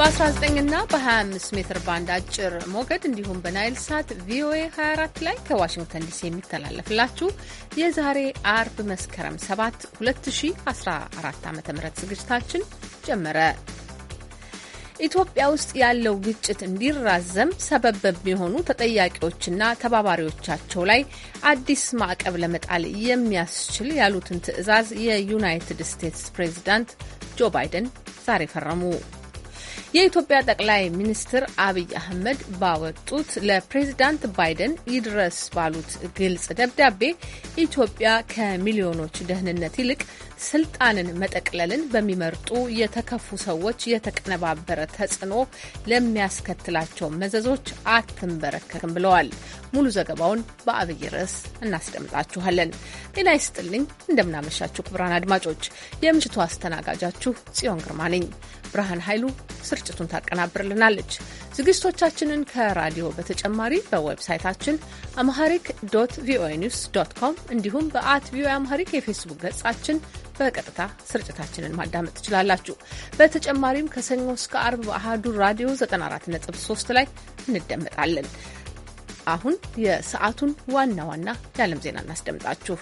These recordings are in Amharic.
በ19 ና በ25 ሜትር ባንድ አጭር ሞገድ እንዲሁም በናይል ሳት ቪኦኤ 24 ላይ ከዋሽንግተን ዲሲ የሚተላለፍላችሁ የዛሬ አርብ መስከረም 7 2014 ዓ ም ዝግጅታችን ጀመረ። ኢትዮጵያ ውስጥ ያለው ግጭት እንዲራዘም ሰበብ በሚሆኑ ተጠያቂዎችና ተባባሪዎቻቸው ላይ አዲስ ማዕቀብ ለመጣል የሚያስችል ያሉትን ትዕዛዝ የዩናይትድ ስቴትስ ፕሬዚዳንት ጆ ባይደን ዛሬ ፈረሙ። የኢትዮጵያ ጠቅላይ ሚኒስትር አብይ አህመድ ባወጡት ለፕሬዝዳንት ባይደን ይድረስ ባሉት ግልጽ ደብዳቤ ኢትዮጵያ ከሚሊዮኖች ደህንነት ይልቅ ስልጣንን መጠቅለልን በሚመርጡ የተከፉ ሰዎች የተቀነባበረ ተጽዕኖ ለሚያስከትላቸው መዘዞች አትንበረከክም ብለዋል። ሙሉ ዘገባውን በአብይ ርዕስ እናስደምጣችኋለን። ጤና ይስጥልኝ፣ እንደምናመሻችሁ ክቡራን አድማጮች፣ የምሽቱ አስተናጋጃችሁ ጽዮን ግርማ ነኝ። ብርሃን ኃይሉ ስር ስርጭቱን ታቀናብርልናለች። ዝግጅቶቻችንን ከራዲዮ በተጨማሪ በዌብሳይታችን አምሃሪክ ዶት ቪኦኤ ኒውስ ዶት ኮም እንዲሁም በአት ቪኦኤ አምሃሪክ የፌስቡክ ገጻችን በቀጥታ ስርጭታችንን ማዳመጥ ትችላላችሁ። በተጨማሪም ከሰኞ እስከ አርብ በአህዱ ራዲዮ 94.3 ላይ እንደመጣለን። አሁን የሰዓቱን ዋና ዋና የዓለም ዜና እናስደምጣችሁ።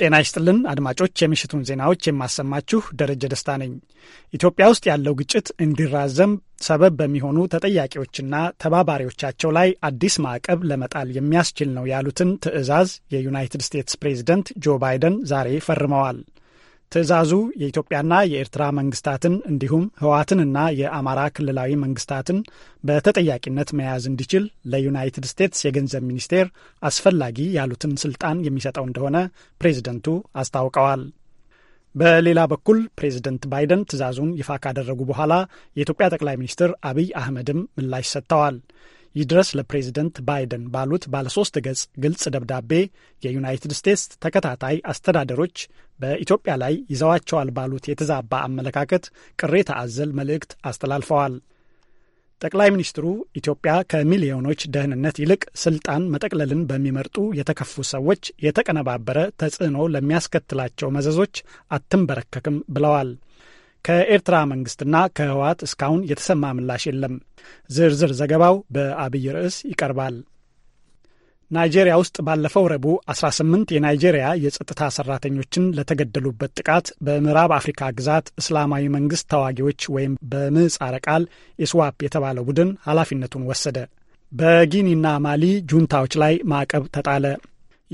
ጤና ይስጥልን አድማጮች፣ የምሽቱን ዜናዎች የማሰማችሁ ደረጀ ደስታ ነኝ። ኢትዮጵያ ውስጥ ያለው ግጭት እንዲራዘም ሰበብ በሚሆኑ ተጠያቂዎችና ተባባሪዎቻቸው ላይ አዲስ ማዕቀብ ለመጣል የሚያስችል ነው ያሉትን ትዕዛዝ የዩናይትድ ስቴትስ ፕሬዝደንት ጆ ባይደን ዛሬ ፈርመዋል። ትዕዛዙ የኢትዮጵያና የኤርትራ መንግስታትን እንዲሁም ህወሓትንና የአማራ ክልላዊ መንግስታትን በተጠያቂነት መያዝ እንዲችል ለዩናይትድ ስቴትስ የገንዘብ ሚኒስቴር አስፈላጊ ያሉትን ስልጣን የሚሰጠው እንደሆነ ፕሬዝደንቱ አስታውቀዋል። በሌላ በኩል ፕሬዝደንት ባይደን ትዕዛዙን ይፋ ካደረጉ በኋላ የኢትዮጵያ ጠቅላይ ሚኒስትር አብይ አህመድም ምላሽ ሰጥተዋል። ይድረስ ለፕሬዚደንት ባይደን ባሉት ባለሶስት ገጽ ግልጽ ደብዳቤ የዩናይትድ ስቴትስ ተከታታይ አስተዳደሮች በኢትዮጵያ ላይ ይዘዋቸዋል ባሉት የተዛባ አመለካከት ቅሬታ አዘል መልእክት አስተላልፈዋል። ጠቅላይ ሚኒስትሩ ኢትዮጵያ ከሚሊዮኖች ደህንነት ይልቅ ስልጣን መጠቅለልን በሚመርጡ የተከፉ ሰዎች የተቀነባበረ ተጽዕኖ ለሚያስከትላቸው መዘዞች አትንበረከክም ብለዋል። ከኤርትራ መንግስትና ከህወሓት እስካሁን የተሰማ ምላሽ የለም። ዝርዝር ዘገባው በአብይ ርዕስ ይቀርባል። ናይጄሪያ ውስጥ ባለፈው ረቡዕ 18 የናይጄሪያ የጸጥታ ሰራተኞችን ለተገደሉበት ጥቃት በምዕራብ አፍሪካ ግዛት እስላማዊ መንግስት ተዋጊዎች ወይም በምህጻረ ቃል ኢስዋፕ የተባለው ቡድን ኃላፊነቱን ወሰደ። በጊኒና ማሊ ጁንታዎች ላይ ማዕቀብ ተጣለ።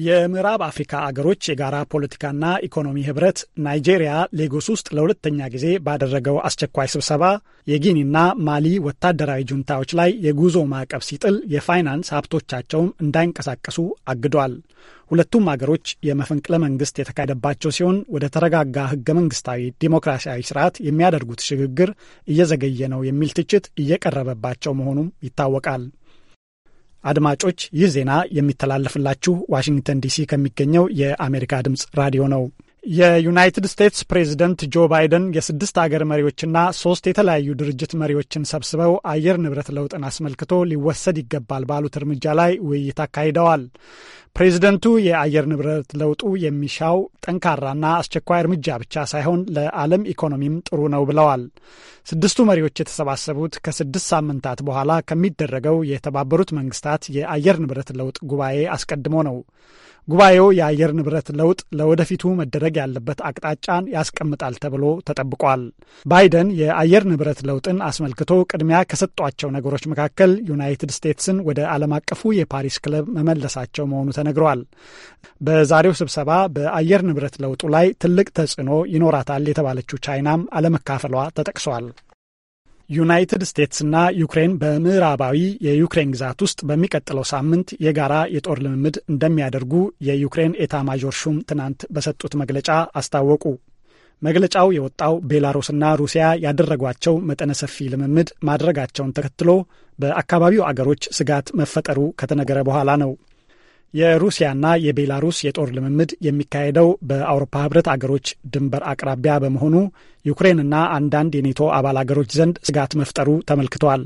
የምዕራብ አፍሪካ አገሮች የጋራ ፖለቲካና ኢኮኖሚ ህብረት ናይጄሪያ ሌጎስ ውስጥ ለሁለተኛ ጊዜ ባደረገው አስቸኳይ ስብሰባ የጊኒና ማሊ ወታደራዊ ጁንታዎች ላይ የጉዞ ማዕቀብ ሲጥል የፋይናንስ ሀብቶቻቸውን እንዳይንቀሳቀሱ አግዷል። ሁለቱም አገሮች የመፈንቅለ መንግስት የተካሄደባቸው ሲሆን ወደ ተረጋጋ ህገ መንግስታዊ ዲሞክራሲያዊ ስርዓት የሚያደርጉት ሽግግር እየዘገየ ነው የሚል ትችት እየቀረበባቸው መሆኑም ይታወቃል። አድማጮች ይህ ዜና የሚተላለፍላችሁ ዋሽንግተን ዲሲ ከሚገኘው የአሜሪካ ድምፅ ራዲዮ ነው። የዩናይትድ ስቴትስ ፕሬዝደንት ጆ ባይደን የስድስት አገር መሪዎችና ሶስት የተለያዩ ድርጅት መሪዎችን ሰብስበው አየር ንብረት ለውጥን አስመልክቶ ሊወሰድ ይገባል ባሉት እርምጃ ላይ ውይይት አካሂደዋል። ፕሬዚደንቱ የአየር ንብረት ለውጡ የሚሻው ጠንካራና አስቸኳይ እርምጃ ብቻ ሳይሆን ለዓለም ኢኮኖሚም ጥሩ ነው ብለዋል። ስድስቱ መሪዎች የተሰባሰቡት ከስድስት ሳምንታት በኋላ ከሚደረገው የተባበሩት መንግስታት የአየር ንብረት ለውጥ ጉባኤ አስቀድሞ ነው። ጉባኤው የአየር ንብረት ለውጥ ለወደፊቱ መደረግ ያለበት አቅጣጫን ያስቀምጣል ተብሎ ተጠብቋል። ባይደን የአየር ንብረት ለውጥን አስመልክቶ ቅድሚያ ከሰጧቸው ነገሮች መካከል ዩናይትድ ስቴትስን ወደ ዓለም አቀፉ የፓሪስ ክለብ መመለሳቸው መሆኑ ተነግሯል። በዛሬው ስብሰባ በአየር ንብረት ለውጡ ላይ ትልቅ ተጽዕኖ ይኖራታል የተባለችው ቻይናም አለመካፈሏ ተጠቅሷል። ዩናይትድ ስቴትስና ዩክሬን በምዕራባዊ የዩክሬን ግዛት ውስጥ በሚቀጥለው ሳምንት የጋራ የጦር ልምምድ እንደሚያደርጉ የዩክሬን ኤታ ማዦር ሹም ትናንት በሰጡት መግለጫ አስታወቁ። መግለጫው የወጣው ቤላሩስና ሩሲያ ያደረጓቸው መጠነ ሰፊ ልምምድ ማድረጋቸውን ተከትሎ በአካባቢው አገሮች ስጋት መፈጠሩ ከተነገረ በኋላ ነው። የሩሲያና የቤላሩስ የጦር ልምምድ የሚካሄደው በአውሮፓ ህብረት አገሮች ድንበር አቅራቢያ በመሆኑ ዩክሬንና አንዳንድ የኔቶ አባል አገሮች ዘንድ ስጋት መፍጠሩ ተመልክተዋል።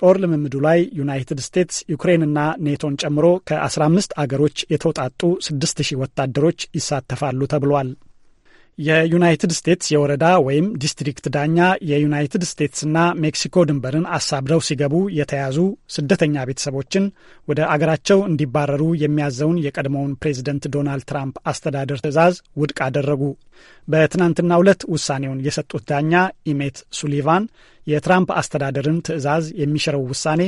ጦር ልምምዱ ላይ ዩናይትድ ስቴትስ ዩክሬንና ኔቶን ጨምሮ ከ15 አገሮች የተውጣጡ 6000 ወታደሮች ይሳተፋሉ ተብሏል። የዩናይትድ ስቴትስ የወረዳ ወይም ዲስትሪክት ዳኛ የዩናይትድ ስቴትስና ሜክሲኮ ድንበርን አሳብረው ሲገቡ የተያዙ ስደተኛ ቤተሰቦችን ወደ አገራቸው እንዲባረሩ የሚያዘውን የቀድሞውን ፕሬዚደንት ዶናልድ ትራምፕ አስተዳደር ትዕዛዝ ውድቅ አደረጉ። በትናንትናው ዕለት ውሳኔውን የሰጡት ዳኛ ኢሜት ሱሊቫን የትራምፕ አስተዳደርን ትዕዛዝ የሚሽረው ውሳኔ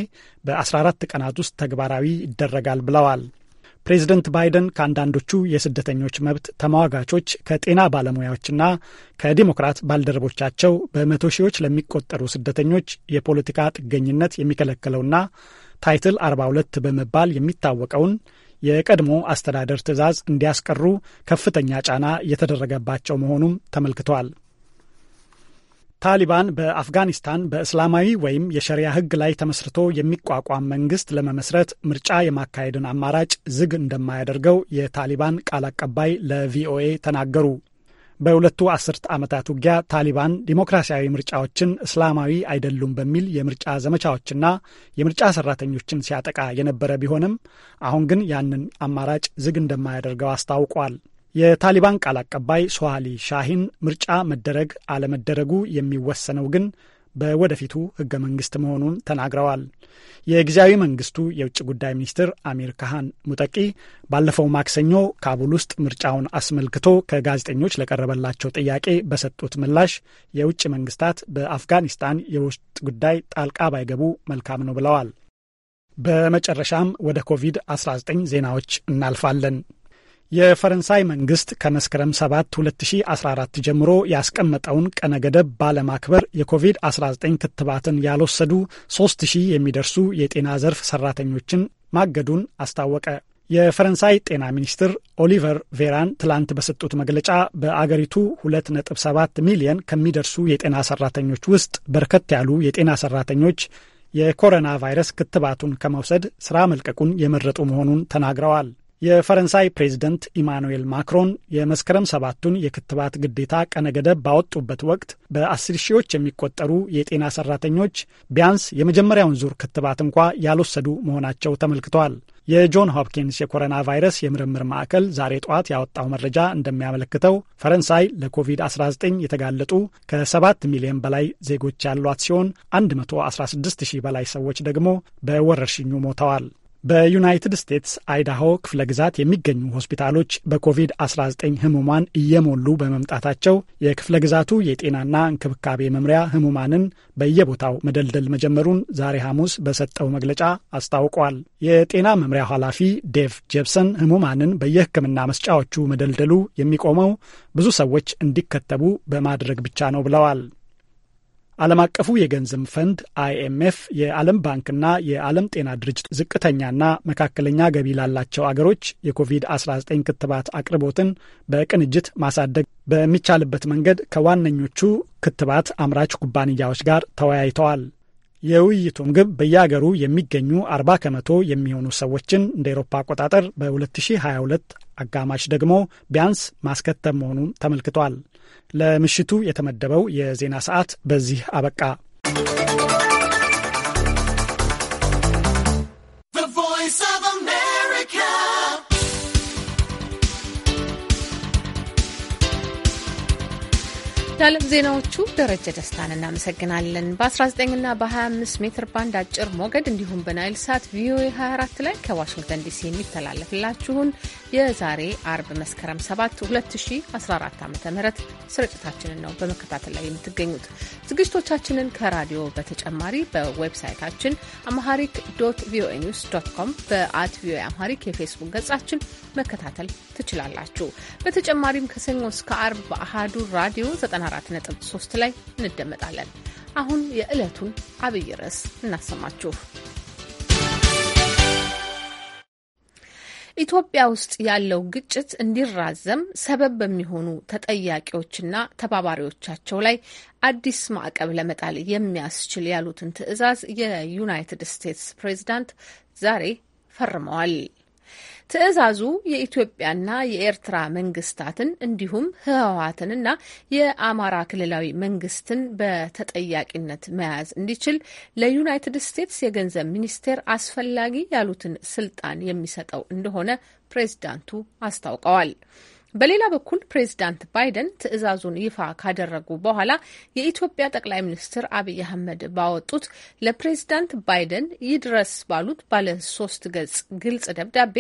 በ14 ቀናት ውስጥ ተግባራዊ ይደረጋል ብለዋል። ፕሬዝደንት ባይደን ከአንዳንዶቹ የስደተኞች መብት ተሟጋቾች ከጤና ባለሙያዎችና ከዲሞክራት ባልደረቦቻቸው በመቶ ሺዎች ለሚቆጠሩ ስደተኞች የፖለቲካ ጥገኝነት የሚከለክለውና ታይትል 42 በመባል የሚታወቀውን የቀድሞ አስተዳደር ትዕዛዝ እንዲያስቀሩ ከፍተኛ ጫና እየተደረገባቸው መሆኑም ተመልክተዋል። ታሊባን በአፍጋኒስታን በእስላማዊ ወይም የሸሪያ ሕግ ላይ ተመስርቶ የሚቋቋም መንግስት ለመመስረት ምርጫ የማካሄድን አማራጭ ዝግ እንደማያደርገው የታሊባን ቃል አቀባይ ለቪኦኤ ተናገሩ። በሁለቱ አስርት ዓመታት ውጊያ ታሊባን ዲሞክራሲያዊ ምርጫዎችን እስላማዊ አይደሉም በሚል የምርጫ ዘመቻዎችና የምርጫ ሰራተኞችን ሲያጠቃ የነበረ ቢሆንም አሁን ግን ያንን አማራጭ ዝግ እንደማያደርገው አስታውቋል። የታሊባን ቃል አቀባይ ሶሃሊ ሻሂን ምርጫ መደረግ አለመደረጉ የሚወሰነው ግን በወደፊቱ ህገ መንግስት መሆኑን ተናግረዋል። የጊዜያዊ መንግስቱ የውጭ ጉዳይ ሚኒስትር አሚር ካህን ሙጠቂ ባለፈው ማክሰኞ ካቡል ውስጥ ምርጫውን አስመልክቶ ከጋዜጠኞች ለቀረበላቸው ጥያቄ በሰጡት ምላሽ የውጭ መንግስታት በአፍጋኒስታን የውስጥ ጉዳይ ጣልቃ ባይገቡ መልካም ነው ብለዋል። በመጨረሻም ወደ ኮቪድ-19 ዜናዎች እናልፋለን። የፈረንሳይ መንግስት ከመስከረም 7 2014 ጀምሮ ያስቀመጠውን ቀነ ገደብ ባለማክበር የኮቪድ-19 ክትባትን ያልወሰዱ 3000 የሚደርሱ የጤና ዘርፍ ሰራተኞችን ማገዱን አስታወቀ። የፈረንሳይ ጤና ሚኒስትር ኦሊቨር ቬራን ትላንት በሰጡት መግለጫ በአገሪቱ 2.7 ሚሊየን ከሚደርሱ የጤና ሰራተኞች ውስጥ በርከት ያሉ የጤና ሰራተኞች የኮሮና ቫይረስ ክትባቱን ከመውሰድ ስራ መልቀቁን የመረጡ መሆኑን ተናግረዋል። የፈረንሳይ ፕሬዝደንት ኢማኑኤል ማክሮን የመስከረም ሰባቱን የክትባት ግዴታ ቀነ ገደብ ባወጡበት ወቅት በአስር ሺዎች የሚቆጠሩ የጤና ሰራተኞች ቢያንስ የመጀመሪያውን ዙር ክትባት እንኳ ያልወሰዱ መሆናቸው ተመልክቷል። የጆን ሆፕኪንስ የኮሮና ቫይረስ የምርምር ማዕከል ዛሬ ጠዋት ያወጣው መረጃ እንደሚያመለክተው ፈረንሳይ ለኮቪድ-19 የተጋለጡ ከ7 ሚሊዮን በላይ ዜጎች ያሏት ሲሆን 116 ሺህ በላይ ሰዎች ደግሞ በወረርሽኙ ሞተዋል። በዩናይትድ ስቴትስ አይዳሆ ክፍለ ግዛት የሚገኙ ሆስፒታሎች በኮቪድ-19 ህሙማን እየሞሉ በመምጣታቸው የክፍለ ግዛቱ የጤናና እንክብካቤ መምሪያ ህሙማንን በየቦታው መደልደል መጀመሩን ዛሬ ሐሙስ በሰጠው መግለጫ አስታውቋል። የጤና መምሪያው ኃላፊ ዴቭ ጄፕሰን ህሙማንን በየህክምና መስጫዎቹ መደልደሉ የሚቆመው ብዙ ሰዎች እንዲከተቡ በማድረግ ብቻ ነው ብለዋል። ዓለም አቀፉ የገንዘብ ፈንድ አይኤምኤፍ፣ የዓለም ባንክና የዓለም ጤና ድርጅት ዝቅተኛና መካከለኛ ገቢ ላላቸው አገሮች የኮቪድ-19 ክትባት አቅርቦትን በቅንጅት ማሳደግ በሚቻልበት መንገድ ከዋነኞቹ ክትባት አምራች ኩባንያዎች ጋር ተወያይተዋል። የውይይቱም ግብ በየአገሩ የሚገኙ 40 ከመቶ የሚሆኑ ሰዎችን እንደ ኤሮፓ አቆጣጠር በ2022 አጋማሽ ደግሞ ቢያንስ ማስከተብ መሆኑን ተመልክቷል። ለምሽቱ የተመደበው የዜና ሰዓት በዚህ አበቃ። ለዓለም ዜናዎቹ ደረጀ ደስታን እናመሰግናለን። በ19ና በ25 ሜትር ባንድ አጭር ሞገድ እንዲሁም በናይል ሳት ቪኦኤ 24 ላይ ከዋሽንግተን ዲሲ የሚተላለፍላችሁን የዛሬ አርብ መስከረም 7 2014 ዓ ም ስርጭታችንን ነው በመከታተል ላይ የምትገኙት። ዝግጅቶቻችንን ከራዲዮ በተጨማሪ በዌብሳይታችን አምሃሪክ ዶት ቪኦኤ ኒውስ ዶት ኮም በአት ቪኦኤ አምሃሪክ የፌስቡክ ገጻችን መከታተል ትችላላችሁ። በተጨማሪም ከሰኞ እስከ አርብ በአሃዱ ራዲዮ 94.3 ላይ እንደመጣለን። አሁን የዕለቱን አብይ ርዕስ እናሰማችሁ። ኢትዮጵያ ውስጥ ያለው ግጭት እንዲራዘም ሰበብ በሚሆኑ ተጠያቂዎችና ተባባሪዎቻቸው ላይ አዲስ ማዕቀብ ለመጣል የሚያስችል ያሉትን ትዕዛዝ የዩናይትድ ስቴትስ ፕሬዚዳንት ዛሬ ፈርመዋል። ትዕዛዙ የኢትዮጵያና የኤርትራ መንግስታትን እንዲሁም ህወሀትንና የአማራ ክልላዊ መንግስትን በተጠያቂነት መያዝ እንዲችል ለዩናይትድ ስቴትስ የገንዘብ ሚኒስቴር አስፈላጊ ያሉትን ስልጣን የሚሰጠው እንደሆነ ፕሬዚዳንቱ አስታውቀዋል። በሌላ በኩል ፕሬዚዳንት ባይደን ትዕዛዙን ይፋ ካደረጉ በኋላ የኢትዮጵያ ጠቅላይ ሚኒስትር አብይ አህመድ ባወጡት ለፕሬዚዳንት ባይደን ይድረስ ባሉት ባለ ሶስት ገጽ ግልጽ ደብዳቤ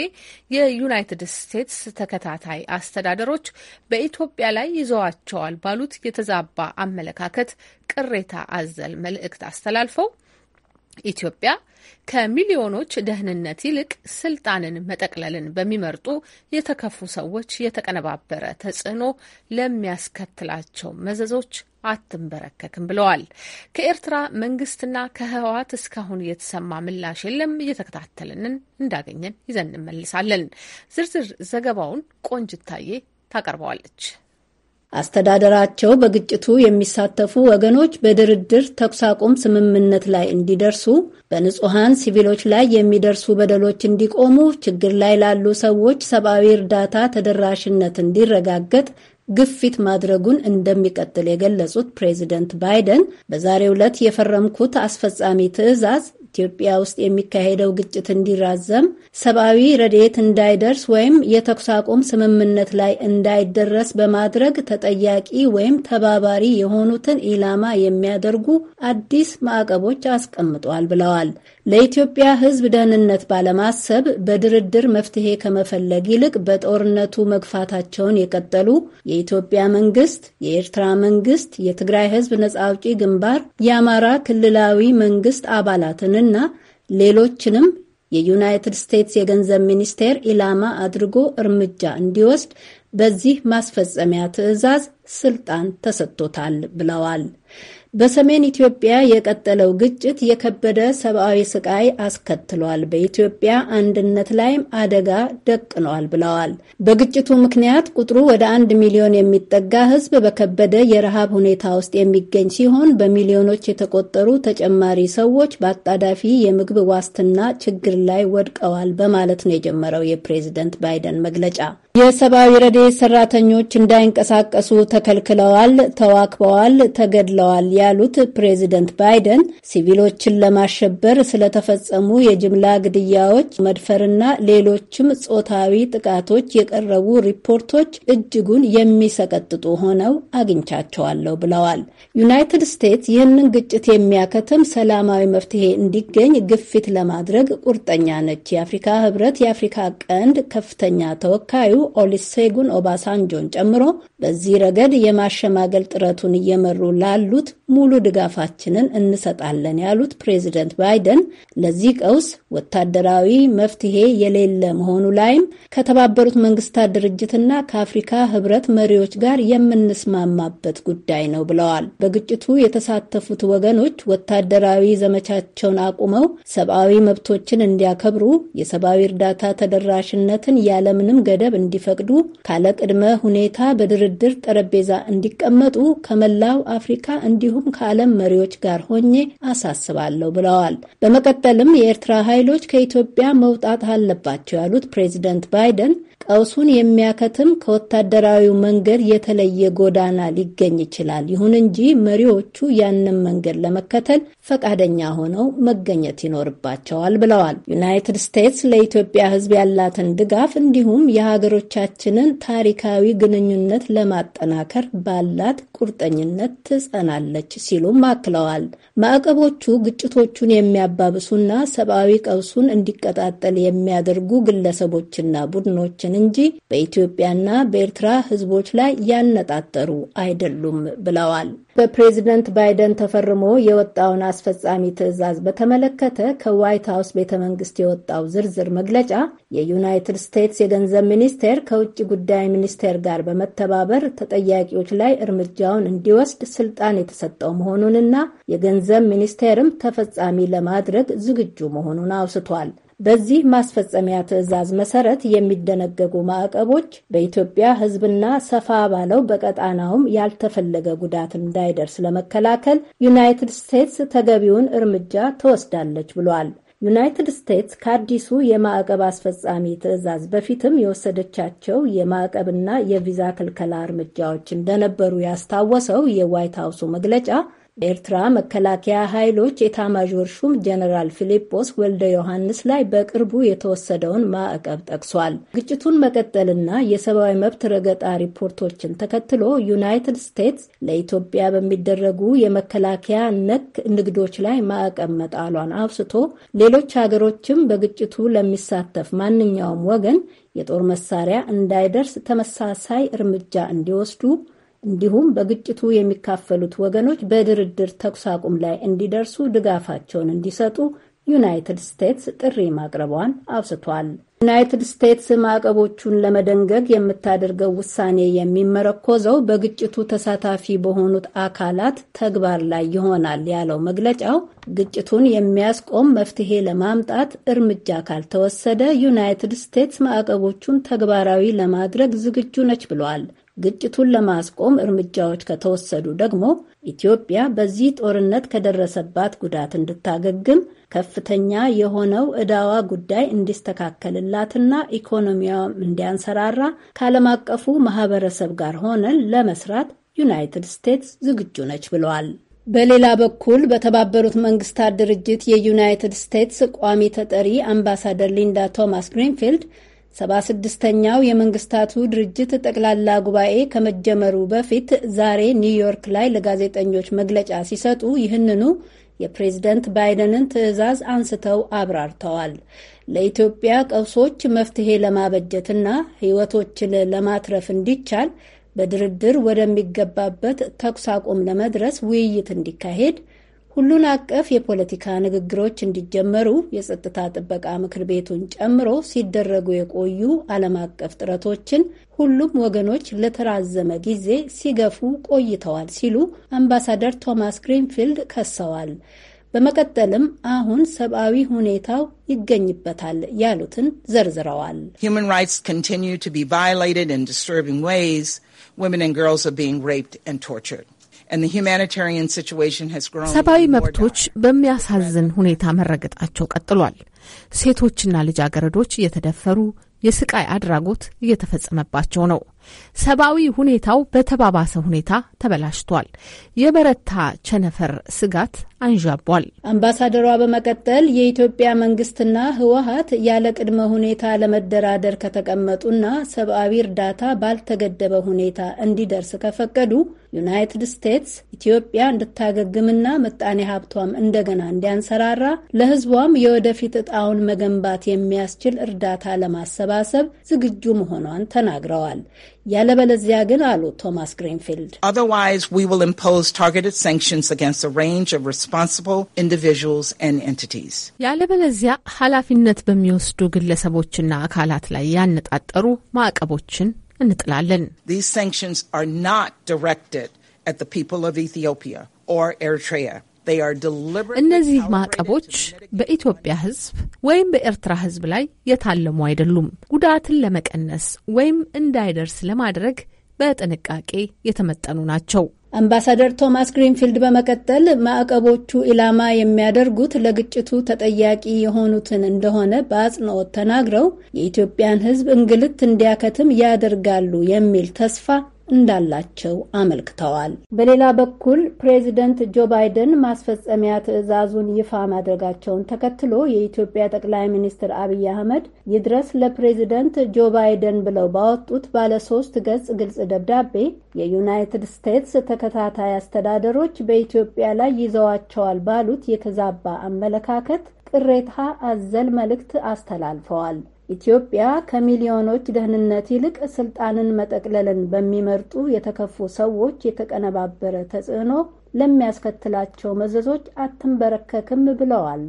የዩናይትድ ስቴትስ ተከታታይ አስተዳደሮች በኢትዮጵያ ላይ ይዘዋቸዋል ባሉት የተዛባ አመለካከት ቅሬታ አዘል መልእክት አስተላልፈው ኢትዮጵያ ከሚሊዮኖች ደህንነት ይልቅ ስልጣንን መጠቅለልን በሚመርጡ የተከፉ ሰዎች የተቀነባበረ ተጽዕኖ ለሚያስከትላቸው መዘዞች አትንበረከክም ብለዋል። ከኤርትራ መንግስትና ከህወሓት እስካሁን የተሰማ ምላሽ የለም። እየተከታተልንን እንዳገኘን ይዘን እንመልሳለን። ዝርዝር ዘገባውን ቆንጅታዬ ታቀርበዋለች። አስተዳደራቸው በግጭቱ የሚሳተፉ ወገኖች በድርድር ተኩስ አቁም ስምምነት ላይ እንዲደርሱ፣ በንጹሐን ሲቪሎች ላይ የሚደርሱ በደሎች እንዲቆሙ፣ ችግር ላይ ላሉ ሰዎች ሰብአዊ እርዳታ ተደራሽነት እንዲረጋገጥ ግፊት ማድረጉን እንደሚቀጥል የገለጹት ፕሬዚደንት ባይደን በዛሬው ዕለት የፈረምኩት አስፈጻሚ ትዕዛዝ ኢትዮጵያ ውስጥ የሚካሄደው ግጭት እንዲራዘም፣ ሰብአዊ ረድኤት እንዳይደርስ ወይም የተኩስ አቁም ስምምነት ላይ እንዳይደረስ በማድረግ ተጠያቂ ወይም ተባባሪ የሆኑትን ኢላማ የሚያደርጉ አዲስ ማዕቀቦች አስቀምጧል ብለዋል። ለኢትዮጵያ ሕዝብ ደህንነት ባለማሰብ በድርድር መፍትሄ ከመፈለግ ይልቅ በጦርነቱ መግፋታቸውን የቀጠሉ የኢትዮጵያ መንግስት፣ የኤርትራ መንግስት፣ የትግራይ ሕዝብ ነጻ አውጪ ግንባር፣ የአማራ ክልላዊ መንግስት አባላትንና ሌሎችንም የዩናይትድ ስቴትስ የገንዘብ ሚኒስቴር ኢላማ አድርጎ እርምጃ እንዲወስድ በዚህ ማስፈጸሚያ ትዕዛዝ ስልጣን ተሰጥቶታል ብለዋል። በሰሜን ኢትዮጵያ የቀጠለው ግጭት የከበደ ሰብአዊ ስቃይ አስከትሏል፣ በኢትዮጵያ አንድነት ላይም አደጋ ደቅኗል ብለዋል። በግጭቱ ምክንያት ቁጥሩ ወደ አንድ ሚሊዮን የሚጠጋ ሕዝብ በከበደ የረሃብ ሁኔታ ውስጥ የሚገኝ ሲሆን በሚሊዮኖች የተቆጠሩ ተጨማሪ ሰዎች በአጣዳፊ የምግብ ዋስትና ችግር ላይ ወድቀዋል በማለት ነው የጀመረው የፕሬዝደንት ባይደን መግለጫ። የሰብአዊ ረድኤት ሰራተኞች እንዳይንቀሳቀሱ ተከልክለዋል፣ ተዋክበዋል፣ ተገድለዋል ያሉት ፕሬዚደንት ባይደን ሲቪሎችን ለማሸበር ስለተፈጸሙ የጅምላ ግድያዎች፣ መድፈርና ሌሎችም ጾታዊ ጥቃቶች የቀረቡ ሪፖርቶች እጅጉን የሚሰቀጥጡ ሆነው አግኝቻቸዋለሁ ብለዋል። ዩናይትድ ስቴትስ ይህንን ግጭት የሚያከትም ሰላማዊ መፍትሄ እንዲገኝ ግፊት ለማድረግ ቁርጠኛ ነች። የአፍሪካ ህብረት የአፍሪካ ቀንድ ከፍተኛ ተወካዩ ኦሊሴጉን ኦባሳንጆን ጨምሮ በዚህ ረገድ የማሸማገል ጥረቱን እየመሩ ላሉት ሙሉ ድጋፋችንን እንሰጣለን ያሉት ፕሬዚደንት ባይደን ለዚህ ቀውስ ወታደራዊ መፍትሄ የሌለ መሆኑ ላይም ከተባበሩት መንግስታት ድርጅትና ከአፍሪካ ህብረት መሪዎች ጋር የምንስማማበት ጉዳይ ነው ብለዋል። በግጭቱ የተሳተፉት ወገኖች ወታደራዊ ዘመቻቸውን አቁመው ሰብአዊ መብቶችን እንዲያከብሩ፣ የሰብአዊ እርዳታ ተደራሽነትን ያለምንም ገደብ እንዲፈቅዱ፣ ካለቅድመ ሁኔታ በድርድር ጠረጴዛ እንዲቀመጡ ከመላው አፍሪካ እንዲሁ እንዲሁም ከዓለም መሪዎች ጋር ሆኜ አሳስባለሁ ብለዋል። በመቀጠልም የኤርትራ ኃይሎች ከኢትዮጵያ መውጣት አለባቸው ያሉት ፕሬዚደንት ባይደን ቀውሱን የሚያከትም ከወታደራዊው መንገድ የተለየ ጎዳና ሊገኝ ይችላል። ይሁን እንጂ መሪዎቹ ያንን መንገድ ለመከተል ፈቃደኛ ሆነው መገኘት ይኖርባቸዋል ብለዋል። ዩናይትድ ስቴትስ ለኢትዮጵያ ሕዝብ ያላትን ድጋፍ እንዲሁም የሀገሮቻችንን ታሪካዊ ግንኙነት ለማጠናከር ባላት ቁርጠኝነት ትጸናለች ሲሉም አክለዋል። ማዕቀቦቹ ግጭቶቹን የሚያባብሱና ሰብአዊ ቀውሱን እንዲቀጣጠል የሚያደርጉ ግለሰቦችና ቡድኖችን እንጂ በኢትዮጵያና በኤርትራ ህዝቦች ላይ ያነጣጠሩ አይደሉም ብለዋል። በፕሬዚደንት ባይደን ተፈርሞ የወጣውን አስፈጻሚ ትዕዛዝ በተመለከተ ከዋይት ሀውስ ቤተ መንግስት የወጣው ዝርዝር መግለጫ የዩናይትድ ስቴትስ የገንዘብ ሚኒስቴር ከውጭ ጉዳይ ሚኒስቴር ጋር በመተባበር ተጠያቂዎች ላይ እርምጃውን እንዲወስድ ስልጣን የተሰጠው መሆኑንና የገንዘብ ሚኒስቴርም ተፈጻሚ ለማድረግ ዝግጁ መሆኑን አውስቷል። በዚህ ማስፈጸሚያ ትዕዛዝ መሰረት የሚደነገጉ ማዕቀቦች በኢትዮጵያ ሕዝብና ሰፋ ባለው በቀጣናውም ያልተፈለገ ጉዳት እንዳይደርስ ለመከላከል ዩናይትድ ስቴትስ ተገቢውን እርምጃ ትወስዳለች ብሏል። ዩናይትድ ስቴትስ ከአዲሱ የማዕቀብ አስፈጻሚ ትዕዛዝ በፊትም የወሰደቻቸው የማዕቀብና የቪዛ ክልከላ እርምጃዎች እንደነበሩ ያስታወሰው የዋይት ሀውሱ መግለጫ የኤርትራ መከላከያ ኃይሎች ኤታማዦር ሹም ጀነራል ፊሊጶስ ወልደ ዮሐንስ ላይ በቅርቡ የተወሰደውን ማዕቀብ ጠቅሷል። ግጭቱን መቀጠልና የሰብአዊ መብት ረገጣ ሪፖርቶችን ተከትሎ ዩናይትድ ስቴትስ ለኢትዮጵያ በሚደረጉ የመከላከያ ነክ ንግዶች ላይ ማዕቀብ መጣሏን አውስቶ ሌሎች ሀገሮችም በግጭቱ ለሚሳተፍ ማንኛውም ወገን የጦር መሳሪያ እንዳይደርስ ተመሳሳይ እርምጃ እንዲወስዱ እንዲሁም በግጭቱ የሚካፈሉት ወገኖች በድርድር ተኩስ አቁም ላይ እንዲደርሱ ድጋፋቸውን እንዲሰጡ ዩናይትድ ስቴትስ ጥሪ ማቅረቧን አውስቷል። ዩናይትድ ስቴትስ ማዕቀቦቹን ለመደንገግ የምታደርገው ውሳኔ የሚመረኮዘው በግጭቱ ተሳታፊ በሆኑት አካላት ተግባር ላይ ይሆናል ያለው መግለጫው ግጭቱን የሚያስቆም መፍትሄ ለማምጣት እርምጃ ካልተወሰደ ዩናይትድ ስቴትስ ማዕቀቦቹን ተግባራዊ ለማድረግ ዝግጁ ነች ብሏል። ግጭቱን ለማስቆም እርምጃዎች ከተወሰዱ ደግሞ ኢትዮጵያ በዚህ ጦርነት ከደረሰባት ጉዳት እንድታገግም ከፍተኛ የሆነው ዕዳዋ ጉዳይ እንዲስተካከልላትና ኢኮኖሚዋም እንዲያንሰራራ ከዓለም አቀፉ ማህበረሰብ ጋር ሆነን ለመስራት ዩናይትድ ስቴትስ ዝግጁ ነች ብለዋል። በሌላ በኩል በተባበሩት መንግስታት ድርጅት የዩናይትድ ስቴትስ ቋሚ ተጠሪ አምባሳደር ሊንዳ ቶማስ ግሪንፊልድ ሰባ ስድስተኛው የመንግስታቱ ድርጅት ጠቅላላ ጉባኤ ከመጀመሩ በፊት ዛሬ ኒውዮርክ ላይ ለጋዜጠኞች መግለጫ ሲሰጡ ይህንኑ የፕሬዝደንት ባይደንን ትዕዛዝ አንስተው አብራርተዋል። ለኢትዮጵያ ቀውሶች መፍትሄ ለማበጀትና ሕይወቶችን ለማትረፍ እንዲቻል በድርድር ወደሚገባበት ተኩስ አቁም ለመድረስ ውይይት እንዲካሄድ ሁሉን አቀፍ የፖለቲካ ንግግሮች እንዲጀመሩ የጸጥታ ጥበቃ ምክር ቤቱን ጨምሮ ሲደረጉ የቆዩ ዓለም አቀፍ ጥረቶችን ሁሉም ወገኖች ለተራዘመ ጊዜ ሲገፉ ቆይተዋል ሲሉ አምባሳደር ቶማስ ግሪንፊልድ ከሰዋል። በመቀጠልም አሁን ሰብአዊ ሁኔታው ይገኝበታል ያሉትን ዘርዝረዋል። ሂውማን ሰብአዊ መብቶች በሚያሳዝን ሁኔታ መረገጣቸው ቀጥሏል። ሴቶችና ልጃገረዶች እየተደፈሩ የስቃይ አድራጎት እየተፈጸመባቸው ነው። ሰብአዊ ሁኔታው በተባባሰ ሁኔታ ተበላሽቷል። የበረታ ቸነፈር ስጋት አንዣቧል። አምባሳደሯ በመቀጠል የኢትዮጵያ መንግስትና ህወሀት ያለ ቅድመ ሁኔታ ለመደራደር ከተቀመጡና ሰብአዊ እርዳታ ባልተገደበ ሁኔታ እንዲደርስ ከፈቀዱ ዩናይትድ ስቴትስ ኢትዮጵያ እንድታገግምና ምጣኔ ሀብቷም እንደገና እንዲያንሰራራ ለህዝቧም የወደፊት እጣውን መገንባት የሚያስችል እርዳታ ለማሰባሰብ ዝግጁ መሆኗን ተናግረዋል። otherwise we will impose targeted sanctions against a range of responsible individuals and entities these sanctions are not directed at the people of Ethiopia or Eritrea እነዚህ ማዕቀቦች በኢትዮጵያ ሕዝብ ወይም በኤርትራ ሕዝብ ላይ የታለሙ አይደሉም። ጉዳትን ለመቀነስ ወይም እንዳይደርስ ለማድረግ በጥንቃቄ የተመጠኑ ናቸው። አምባሳደር ቶማስ ግሪንፊልድ በመቀጠል ማዕቀቦቹ ኢላማ የሚያደርጉት ለግጭቱ ተጠያቂ የሆኑትን እንደሆነ በአጽንኦት ተናግረው የኢትዮጵያን ህዝብ እንግልት እንዲያከትም ያደርጋሉ የሚል ተስፋ እንዳላቸው አመልክተዋል። በሌላ በኩል ፕሬዚደንት ጆ ባይደን ማስፈጸሚያ ትዕዛዙን ይፋ ማድረጋቸውን ተከትሎ የኢትዮጵያ ጠቅላይ ሚኒስትር አብይ አህመድ ይድረስ ለፕሬዚደንት ጆ ባይደን ብለው ባወጡት ባለሶስት ገጽ ግልጽ ደብዳቤ የዩናይትድ ስቴትስ ተከታታይ አስተዳደሮች በኢትዮጵያ ላይ ይዘዋቸዋል ባሉት የተዛባ አመለካከት ቅሬታ አዘል መልእክት አስተላልፈዋል። ኢትዮጵያ ከሚሊዮኖች ደህንነት ይልቅ ስልጣንን መጠቅለልን በሚመርጡ የተከፉ ሰዎች የተቀነባበረ ተጽዕኖ ለሚያስከትላቸው መዘዞች አትንበረከክም ብለዋል።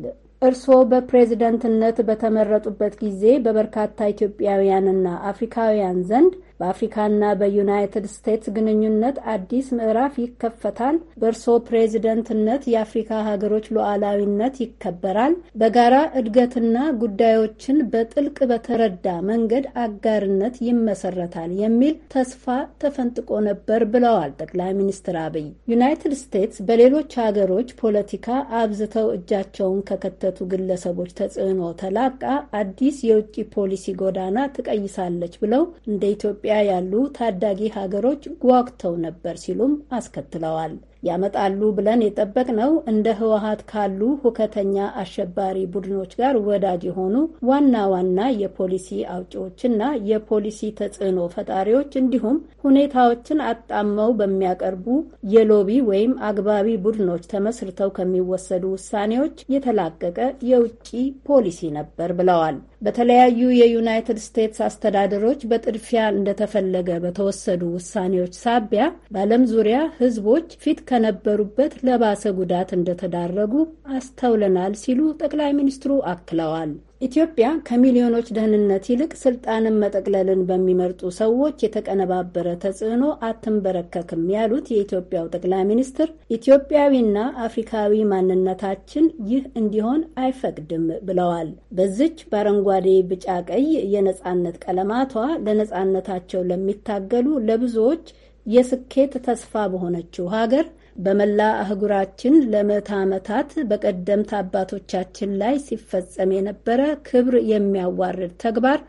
እርስዎ በፕሬዝደንትነት በተመረጡበት ጊዜ በበርካታ ኢትዮጵያውያንና አፍሪካውያን ዘንድ በአፍሪካና በዩናይትድ ስቴትስ ግንኙነት አዲስ ምዕራፍ ይከፈታል። በእርሶ ፕሬዚደንትነት የአፍሪካ ሀገሮች ሉዓላዊነት ይከበራል። በጋራ እድገትና ጉዳዮችን በጥልቅ በተረዳ መንገድ አጋርነት ይመሰረታል የሚል ተስፋ ተፈንጥቆ ነበር ብለዋል ጠቅላይ ሚኒስትር አብይ። ዩናይትድ ስቴትስ በሌሎች ሀገሮች ፖለቲካ አብዝተው እጃቸውን ከከተቱ ግለሰቦች ተጽዕኖ ተላቃ አዲስ የውጭ ፖሊሲ ጎዳና ትቀይሳለች ብለው እንደ ኢትዮጵያ ኢትዮጵያ ያሉ ታዳጊ ሀገሮች ጓግተው ነበር ሲሉም አስከትለዋል። ያመጣሉ ብለን የጠበቅነው እንደ ህወሀት ካሉ ሁከተኛ አሸባሪ ቡድኖች ጋር ወዳጅ የሆኑ ዋና ዋና የፖሊሲ አውጪዎችና የፖሊሲ ተጽዕኖ ፈጣሪዎች እንዲሁም ሁኔታዎችን አጣመው በሚያቀርቡ የሎቢ ወይም አግባቢ ቡድኖች ተመስርተው ከሚወሰዱ ውሳኔዎች የተላቀቀ የውጭ ፖሊሲ ነበር ብለዋል። በተለያዩ የዩናይትድ ስቴትስ አስተዳደሮች በጥድፊያ እንደተፈለገ በተወሰዱ ውሳኔዎች ሳቢያ በዓለም ዙሪያ ህዝቦች ፊት ከነበሩበት ለባሰ ጉዳት እንደተዳረጉ አስተውለናል ሲሉ ጠቅላይ ሚኒስትሩ አክለዋል። ኢትዮጵያ ከሚሊዮኖች ደህንነት ይልቅ ስልጣንን መጠቅለልን በሚመርጡ ሰዎች የተቀነባበረ ተጽዕኖ አትንበረከክም ያሉት የኢትዮጵያው ጠቅላይ ሚኒስትር ኢትዮጵያዊና አፍሪካዊ ማንነታችን ይህ እንዲሆን አይፈቅድም ብለዋል። በዚች በአረንጓዴ ቢጫ፣ ቀይ የነጻነት ቀለማቷ ለነጻነታቸው ለሚታገሉ ለብዙዎች የስኬት ተስፋ በሆነችው ሀገር በመላ አህጉራችን ለምዕተ ዓመታት በቀደምት አባቶቻችን ላይ ሲፈጸም የነበረ ክብር የሚያዋርድ ተግባር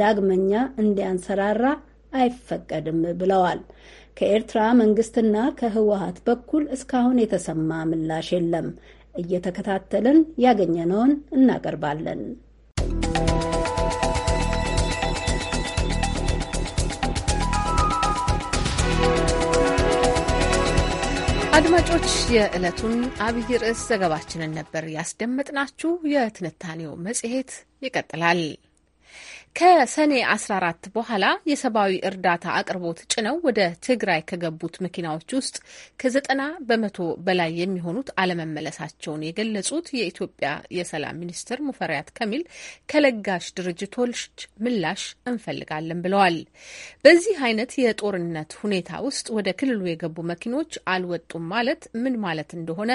ዳግመኛ እንዲያንሰራራ አይፈቀድም ብለዋል። ከኤርትራ መንግስትና ከህወሀት በኩል እስካሁን የተሰማ ምላሽ የለም። እየተከታተልን ያገኘነውን እናቀርባለን። አድማጮች የዕለቱን አብይ ርዕስ ዘገባችንን ነበር ያስደመጥናችሁ። የትንታኔው መጽሔት ይቀጥላል። ከሰኔ 14 በኋላ የሰብአዊ እርዳታ አቅርቦት ጭነው ወደ ትግራይ ከገቡት መኪናዎች ውስጥ ከዘጠና በመቶ በላይ የሚሆኑት አለመመለሳቸውን የገለጹት የኢትዮጵያ የሰላም ሚኒስትር ሙፈሪያት ከሚል ከለጋሽ ድርጅቶች ምላሽ እንፈልጋለን ብለዋል። በዚህ አይነት የጦርነት ሁኔታ ውስጥ ወደ ክልሉ የገቡ መኪኖች አልወጡም ማለት ምን ማለት እንደሆነ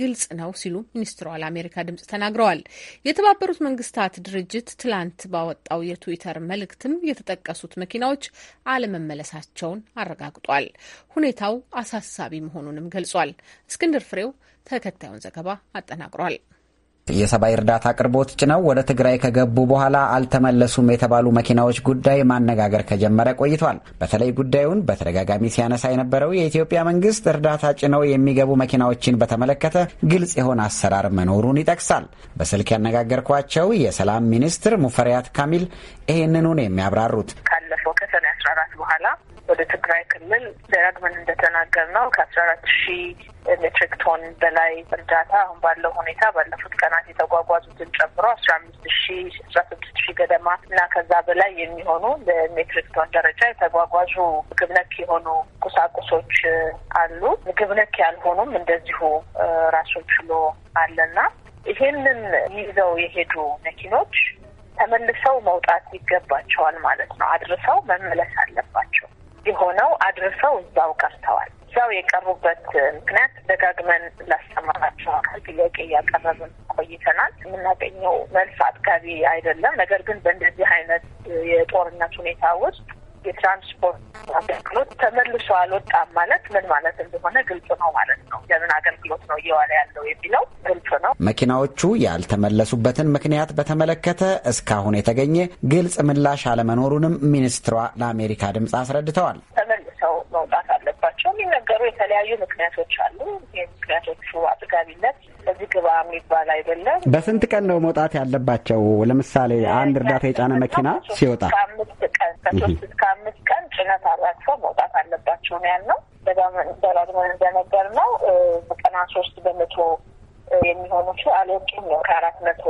ግልጽ ነው ሲሉ ሚኒስትሯ ለአሜሪካ ድምጽ ተናግረዋል። የተባበሩት መንግስታት ድርጅት ትላንት ባወጣው የትዊተር መልእክትም የተጠቀሱት መኪናዎች አለመመለሳቸውን አረጋግጧል። ሁኔታው አሳሳቢ መሆኑንም ገልጿል። እስክንድር ፍሬው ተከታዩን ዘገባ አጠናቅሯል። የሰብአዊ እርዳታ አቅርቦት ጭነው ወደ ትግራይ ከገቡ በኋላ አልተመለሱም የተባሉ መኪናዎች ጉዳይ ማነጋገር ከጀመረ ቆይቷል። በተለይ ጉዳዩን በተደጋጋሚ ሲያነሳ የነበረው የኢትዮጵያ መንግስት እርዳታ ጭነው የሚገቡ መኪናዎችን በተመለከተ ግልጽ የሆነ አሰራር መኖሩን ይጠቅሳል። በስልክ ያነጋገርኳቸው የሰላም ሚኒስትር ሙፈሪያት ካሚል ይህንኑን የሚያብራሩት። ካለፈ ወደ ትግራይ ክልል ደጋግመን እንደተናገር ነው ከአስራ አራት ሺህ ሜትሪክ ቶን በላይ እርዳታ አሁን ባለው ሁኔታ ባለፉት ቀናት የተጓጓዙትን ጨምሮ አስራ አምስት ሺህ አስራ ስድስት ሺህ ገደማ እና ከዛ በላይ የሚሆኑ በሜትሪክ ቶን ደረጃ የተጓጓዙ ምግብ ነክ የሆኑ ቁሳቁሶች አሉ። ምግብ ነክ ያልሆኑም እንደዚሁ ራሱን ችሎ አለና ይሄንን ይዘው የሄዱ መኪኖች ተመልሰው መውጣት ይገባቸዋል ማለት ነው። አድርሰው መመለስ አለባቸው። የሆነው አድርሰው እዛው ቀርተዋል። እዛው የቀሩበት ምክንያት ደጋግመን ላስተማራቸው አካል ጥያቄ እያቀረብን ቆይተናል። የምናገኘው መልስ አጥጋቢ አይደለም። ነገር ግን በእንደዚህ አይነት የጦርነት ሁኔታ ውስጥ የትራንስፖርት አገልግሎት ተመልሶ አልወጣም ማለት ምን ማለት እንደሆነ ግልጽ ነው ማለት ነው። ለምን አገልግሎት ነው እየዋለ ያለው የሚለው ግልጽ ነው። መኪናዎቹ ያልተመለሱበትን ምክንያት በተመለከተ እስካሁን የተገኘ ግልጽ ምላሽ አለመኖሩንም ሚኒስትሯ ለአሜሪካ ድምፅ አስረድተዋል። ተመልሰው መውጣት እንዳለባቸው የሚነገሩ የተለያዩ ምክንያቶች አሉ። ይህ ምክንያቶቹ አጥጋቢነት በዚህ ግባ የሚባል አይደለም። በስንት ቀን ነው መውጣት ያለባቸው? ለምሳሌ አንድ እርዳታ የጫነ መኪና ሲወጣ ከአምስት ቀን ከሶስት እስከ አምስት ቀን ጭነት አራግፈው መውጣት አለባቸው ነው ያልነው። በዛ በላድመን እንደነገር ነው ቀና ሶስት በመቶ የሚሆኑት አልወጡም ነው ከአራት መቶ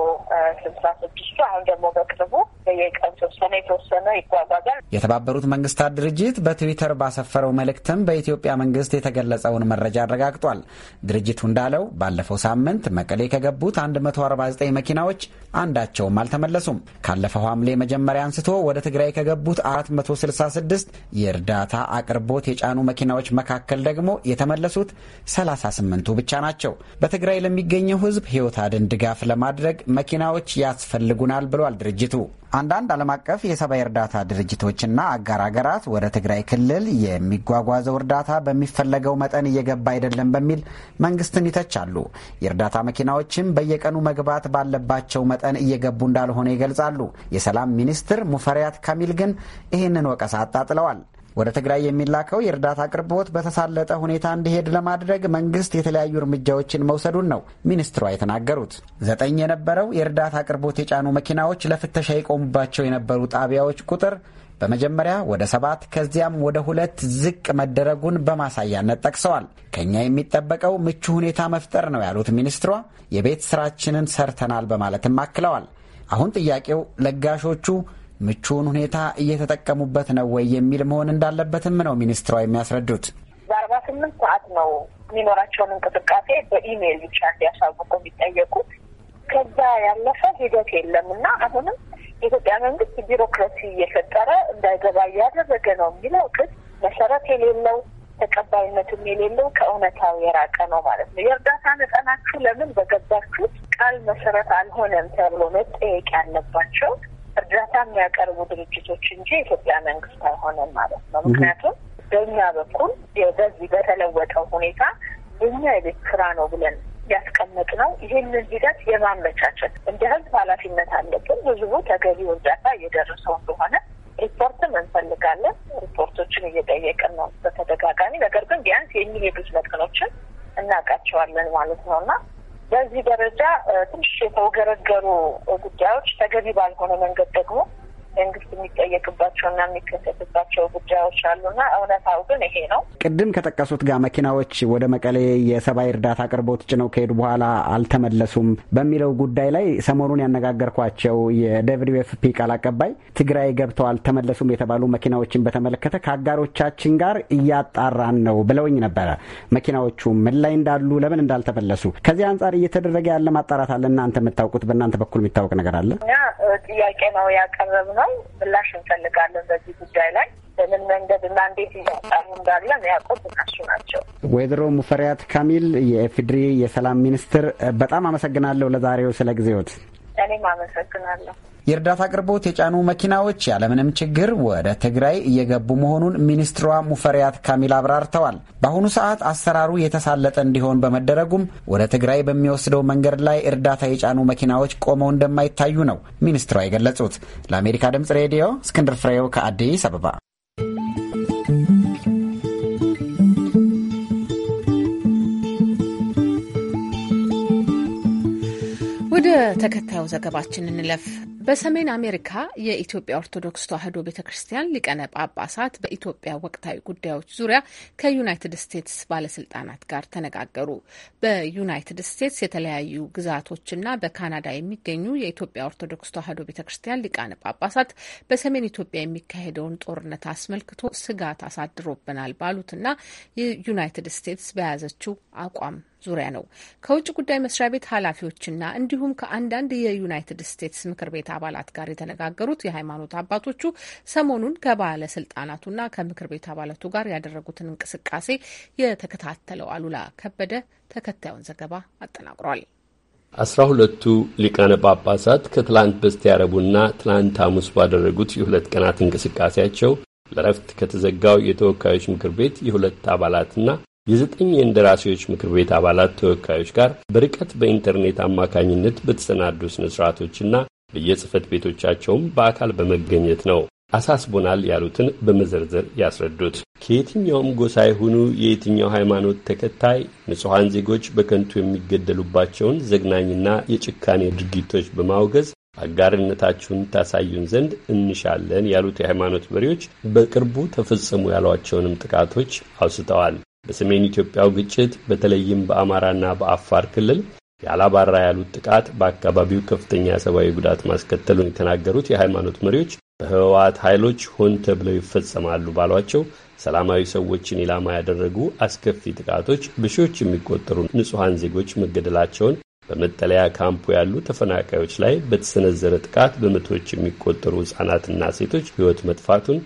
ስልሳ ስድስቱ አሁን ደግሞ በቅርቡ በየቀን ተወሰነ የተወሰነ ይጓጓዛል። የተባበሩት መንግስታት ድርጅት በትዊተር ባሰፈረው መልእክትም በኢትዮጵያ መንግስት የተገለጸውን መረጃ አረጋግጧል። ድርጅቱ እንዳለው ባለፈው ሳምንት መቀሌ ከገቡት 149 መኪናዎች አንዳቸውም አልተመለሱም። ካለፈው ሐምሌ መጀመሪያ አንስቶ ወደ ትግራይ ከገቡት 466 የእርዳታ አቅርቦት የጫኑ መኪናዎች መካከል ደግሞ የተመለሱት 38ቱ ብቻ ናቸው። በትግራይ ለሚ ለሚገኘው ህዝብ ህይወት አድን ድጋፍ ለማድረግ መኪናዎች ያስፈልጉናል ብሏል ድርጅቱ። አንዳንድ ዓለም አቀፍ የሰብአዊ እርዳታ ድርጅቶችና አጋር አገራት ወደ ትግራይ ክልል የሚጓጓዘው እርዳታ በሚፈለገው መጠን እየገባ አይደለም በሚል መንግስትን ይተቻሉ። የእርዳታ መኪናዎችም በየቀኑ መግባት ባለባቸው መጠን እየገቡ እንዳልሆነ ይገልጻሉ። የሰላም ሚኒስትር ሙፈሪያት ካሚል ግን ይህንን ወቀሳ አጣጥለዋል። ወደ ትግራይ የሚላከው የእርዳታ አቅርቦት በተሳለጠ ሁኔታ እንዲሄድ ለማድረግ መንግስት የተለያዩ እርምጃዎችን መውሰዱን ነው ሚኒስትሯ የተናገሩት። ዘጠኝ የነበረው የእርዳታ አቅርቦት የጫኑ መኪናዎች ለፍተሻ የቆሙባቸው የነበሩ ጣቢያዎች ቁጥር በመጀመሪያ ወደ ሰባት ከዚያም ወደ ሁለት ዝቅ መደረጉን በማሳያነት ጠቅሰዋል። ከእኛ የሚጠበቀው ምቹ ሁኔታ መፍጠር ነው ያሉት ሚኒስትሯ የቤት ስራችንን ሰርተናል በማለትም አክለዋል። አሁን ጥያቄው ለጋሾቹ ምቹውን ሁኔታ እየተጠቀሙበት ነው ወይ የሚል መሆን እንዳለበትም ነው ሚኒስትሯ የሚያስረዱት። በአርባ ስምንት ሰዓት ነው የሚኖራቸውን እንቅስቃሴ በኢሜይል ብቻ እንዲያሳውቁ የሚጠየቁት። ከዛ ያለፈ ሂደት የለም እና አሁንም የኢትዮጵያ መንግስት ቢሮክራሲ እየፈጠረ እንዳይገባ እያደረገ ነው የሚለው ግን መሰረት የሌለው ተቀባይነትም የሌለው ከእውነታው የራቀ ነው ማለት ነው። የእርዳታ መጠናችሁ ለምን በገባችሁ ቃል መሰረት አልሆነም ተብሎ መጠየቅ ያለባቸው የሚያቀርቡ ድርጅቶች እንጂ የኢትዮጵያ መንግስት አይሆንም ማለት ነው። ምክንያቱም በእኛ በኩል በዚህ በተለወጠው ሁኔታ የኛ የቤት ስራ ነው ብለን ያስቀመጥ ነው። ይህንን ሂደት የማመቻቸት እንደ ህዝብ ኃላፊነት አለብን። ህዝቡ ተገቢ እርዳታ እየደረሰው እንደሆነ ሪፖርትም እንፈልጋለን። ሪፖርቶችን እየጠየቅን ነው በተደጋጋሚ ነገር ግን ቢያንስ የሚሄዱት መጠኖችን እናውቃቸዋለን ማለት ነው እና በዚህ ደረጃ ትንሽ የተወገረገሩ ጉዳዮች ተገቢ ባልሆነ መንገድ ደግሞ መንግስት የሚጠየቅባቸው እና የሚከሰትባቸው ጉዳዮች አሉና እውነታው ግን ይሄ ነው። ቅድም ከጠቀሱት ጋር መኪናዎች ወደ መቀሌ የሰብአዊ እርዳታ አቅርቦት ጭነው ከሄዱ በኋላ አልተመለሱም በሚለው ጉዳይ ላይ ሰሞኑን ያነጋገርኳቸው የደብሊው ኤፍ ፒ ቃል አቀባይ ትግራይ ገብተው አልተመለሱም የተባሉ መኪናዎችን በተመለከተ ከአጋሮቻችን ጋር እያጣራን ነው ብለውኝ ነበረ። መኪናዎቹ ምን ላይ እንዳሉ፣ ለምን እንዳልተመለሱ ከዚህ አንጻር እየተደረገ ያለ ማጣራት አለ። እናንተ የምታውቁት በእናንተ በኩል የሚታወቅ ነገር አለ? እኛ ጥያቄ ነው ያቀረብነው ነው። ምላሽ እንፈልጋለን በዚህ ጉዳይ ላይ በምን መንገድ እና እንዴት እያጣሙ እንዳለ ያውቁት እነሱ ናቸው። ወይዘሮ ሙፈሪያት ካሚል የኤፍድሪ የሰላም ሚኒስትር፣ በጣም አመሰግናለሁ ለዛሬው ስለ ጊዜዎት። እኔም አመሰግናለሁ። የእርዳታ አቅርቦት የጫኑ መኪናዎች ያለምንም ችግር ወደ ትግራይ እየገቡ መሆኑን ሚኒስትሯ ሙፈሪያት ካሚል አብራርተዋል። በአሁኑ ሰዓት አሰራሩ የተሳለጠ እንዲሆን በመደረጉም ወደ ትግራይ በሚወስደው መንገድ ላይ እርዳታ የጫኑ መኪናዎች ቆመው እንደማይታዩ ነው ሚኒስትሯ የገለጹት። ለአሜሪካ ድምጽ ሬዲዮ እስክንድር ፍሬው ከአዲስ አበባ። ወደ ተከታዩ ዘገባችን እንለፍ። በሰሜን አሜሪካ የኢትዮጵያ ኦርቶዶክስ ተዋሕዶ ቤተ ክርስቲያን ሊቀነ ጳጳሳት በኢትዮጵያ ወቅታዊ ጉዳዮች ዙሪያ ከዩናይትድ ስቴትስ ባለስልጣናት ጋር ተነጋገሩ። በዩናይትድ ስቴትስ የተለያዩ ግዛቶችና በካናዳ የሚገኙ የኢትዮጵያ ኦርቶዶክስ ተዋሕዶ ቤተ ክርስቲያን ሊቃነ ጳጳሳት በሰሜን ኢትዮጵያ የሚካሄደውን ጦርነት አስመልክቶ ስጋት አሳድሮብናል ባሉትና የዩናይትድ ስቴትስ በያዘችው አቋም ዙሪያ ነው። ከውጭ ጉዳይ መስሪያ ቤት ኃላፊዎችና እንዲሁም ከአንዳንድ የዩናይትድ ስቴትስ ምክር ቤት አባላት ጋር የተነጋገሩት የሃይማኖት አባቶቹ ሰሞኑን ከባለስልጣናቱና ከምክር ቤት አባላቱ ጋር ያደረጉትን እንቅስቃሴ የተከታተለው አሉላ ከበደ ተከታዩን ዘገባ አጠናቅሯል። አስራ ሁለቱ ሊቃነ ጳጳሳት ከትላንት በስቲያ ረቡዕና ትላንት ሐሙስ ባደረጉት የሁለት ቀናት እንቅስቃሴያቸው ለረፍት ከተዘጋው የተወካዮች ምክር ቤት የሁለት አባላትና የዘጠኝ የእንደራሴዎች ምክር ቤት አባላት ተወካዮች ጋር በርቀት በኢንተርኔት አማካኝነት በተሰናዱ ስነ ስርዓቶችና በየጽህፈት ቤቶቻቸውም በአካል በመገኘት ነው አሳስቦናል ያሉትን በመዘርዘር ያስረዱት። ከየትኛውም ጎሳ የሆኑ የየትኛው ሃይማኖት ተከታይ ንጹሐን ዜጎች በከንቱ የሚገደሉባቸውን ዘግናኝና የጭካኔ ድርጊቶች በማውገዝ አጋርነታችሁን ታሳዩን ዘንድ እንሻለን ያሉት የሃይማኖት መሪዎች በቅርቡ ተፈጸሙ ያሏቸውንም ጥቃቶች አውስተዋል። በሰሜን ኢትዮጵያው ግጭት በተለይም በአማራና በአፋር ክልል ያላባራ ያሉት ጥቃት በአካባቢው ከፍተኛ ሰብአዊ ጉዳት ማስከተሉን የተናገሩት የሃይማኖት መሪዎች በህወሓት ኃይሎች ሆን ተብለው ይፈጸማሉ ባሏቸው ሰላማዊ ሰዎችን ኢላማ ያደረጉ አስከፊ ጥቃቶች በሺዎች የሚቆጠሩ ንጹሐን ዜጎች መገደላቸውን፣ በመጠለያ ካምፑ ያሉ ተፈናቃዮች ላይ በተሰነዘረ ጥቃት በመቶዎች የሚቆጠሩ ህጻናትና ሴቶች ህይወት መጥፋቱን፣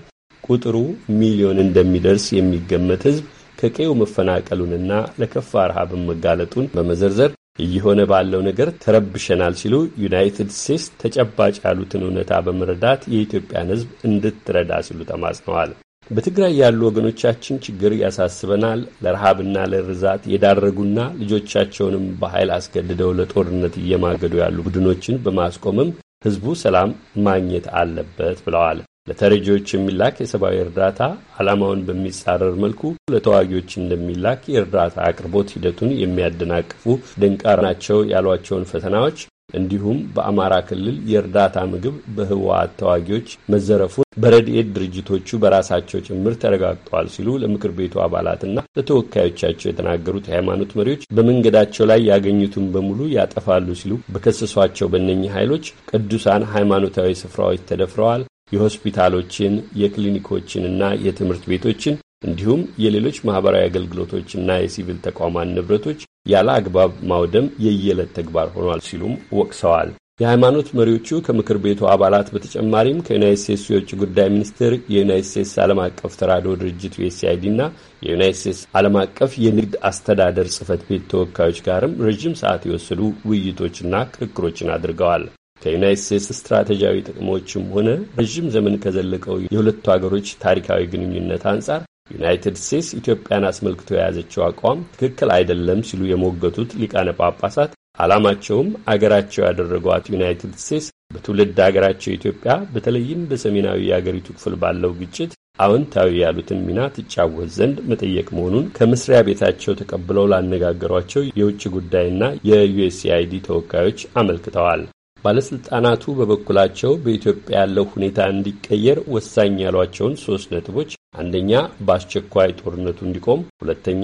ቁጥሩ ሚሊዮን እንደሚደርስ የሚገመት ህዝብ ከቀዬው መፈናቀሉንና ለከፋ ረሃብን መጋለጡን በመዘርዘር እየሆነ ባለው ነገር ተረብሸናል ሲሉ ዩናይትድ ስቴትስ ተጨባጭ ያሉትን እውነታ በመረዳት የኢትዮጵያን ሕዝብ እንድትረዳ ሲሉ ተማጽነዋል። በትግራይ ያሉ ወገኖቻችን ችግር ያሳስበናል፣ ለረሃብና ለርዛት የዳረጉና ልጆቻቸውንም በኃይል አስገድደው ለጦርነት እየማገዱ ያሉ ቡድኖችን በማስቆምም ህዝቡ ሰላም ማግኘት አለበት ብለዋል። ለተረጂዎች የሚላክ የሰብአዊ እርዳታ ዓላማውን በሚጻረር መልኩ ለተዋጊዎች እንደሚላክ የእርዳታ አቅርቦት ሂደቱን የሚያደናቅፉ ደንቃራ ናቸው ያሏቸውን ፈተናዎች እንዲሁም በአማራ ክልል የእርዳታ ምግብ በህወሓት ተዋጊዎች መዘረፉን በረድኤት ድርጅቶቹ በራሳቸው ጭምር ተረጋግጠዋል ሲሉ ለምክር ቤቱ አባላትና ለተወካዮቻቸው የተናገሩት የሃይማኖት መሪዎች በመንገዳቸው ላይ ያገኙትን በሙሉ ያጠፋሉ ሲሉ በከሰሷቸው በእነኚህ ኃይሎች ቅዱሳን ሃይማኖታዊ ስፍራዎች ተደፍረዋል፣ የሆስፒታሎችን የክሊኒኮችንና የትምህርት ቤቶችን እንዲሁም የሌሎች ማህበራዊ አገልግሎቶችና የሲቪል ተቋማት ንብረቶች ያለ አግባብ ማውደም የየዕለት ተግባር ሆኗል ሲሉም ወቅሰዋል። የሃይማኖት መሪዎቹ ከምክር ቤቱ አባላት በተጨማሪም ከዩናይት ስቴትስ የውጭ ጉዳይ ሚኒስቴር፣ የዩናይት ስቴትስ ዓለም አቀፍ ተራድኦ ድርጅት ዩኤስአይዲ እና የዩናይት ስቴትስ ዓለም አቀፍ የንግድ አስተዳደር ጽህፈት ቤት ተወካዮች ጋርም ረዥም ሰዓት የወሰዱ ውይይቶችና ክርክሮችን አድርገዋል። ከዩናይት ስቴትስ ስትራቴጂያዊ ጥቅሞችም ሆነ ረዥም ዘመን ከዘለቀው የሁለቱ ሀገሮች ታሪካዊ ግንኙነት አንጻር ዩናይትድ ስቴትስ ኢትዮጵያን አስመልክቶ የያዘችው አቋም ትክክል አይደለም ሲሉ የሞገቱት ሊቃነ ጳጳሳት ዓላማቸውም አገራቸው ያደረጓት ዩናይትድ ስቴትስ በትውልድ አገራቸው ኢትዮጵያ በተለይም በሰሜናዊ የአገሪቱ ክፍል ባለው ግጭት አዎንታዊ ያሉትን ሚና ትጫወት ዘንድ መጠየቅ መሆኑን ከመስሪያ ቤታቸው ተቀብለው ላነጋገሯቸው የውጭ ጉዳይና የዩኤስኤአይዲ ተወካዮች አመልክተዋል። ባለሥልጣናቱ በበኩላቸው በኢትዮጵያ ያለው ሁኔታ እንዲቀየር ወሳኝ ያሏቸውን ሶስት ነጥቦች አንደኛ፣ በአስቸኳይ ጦርነቱ እንዲቆም፣ ሁለተኛ፣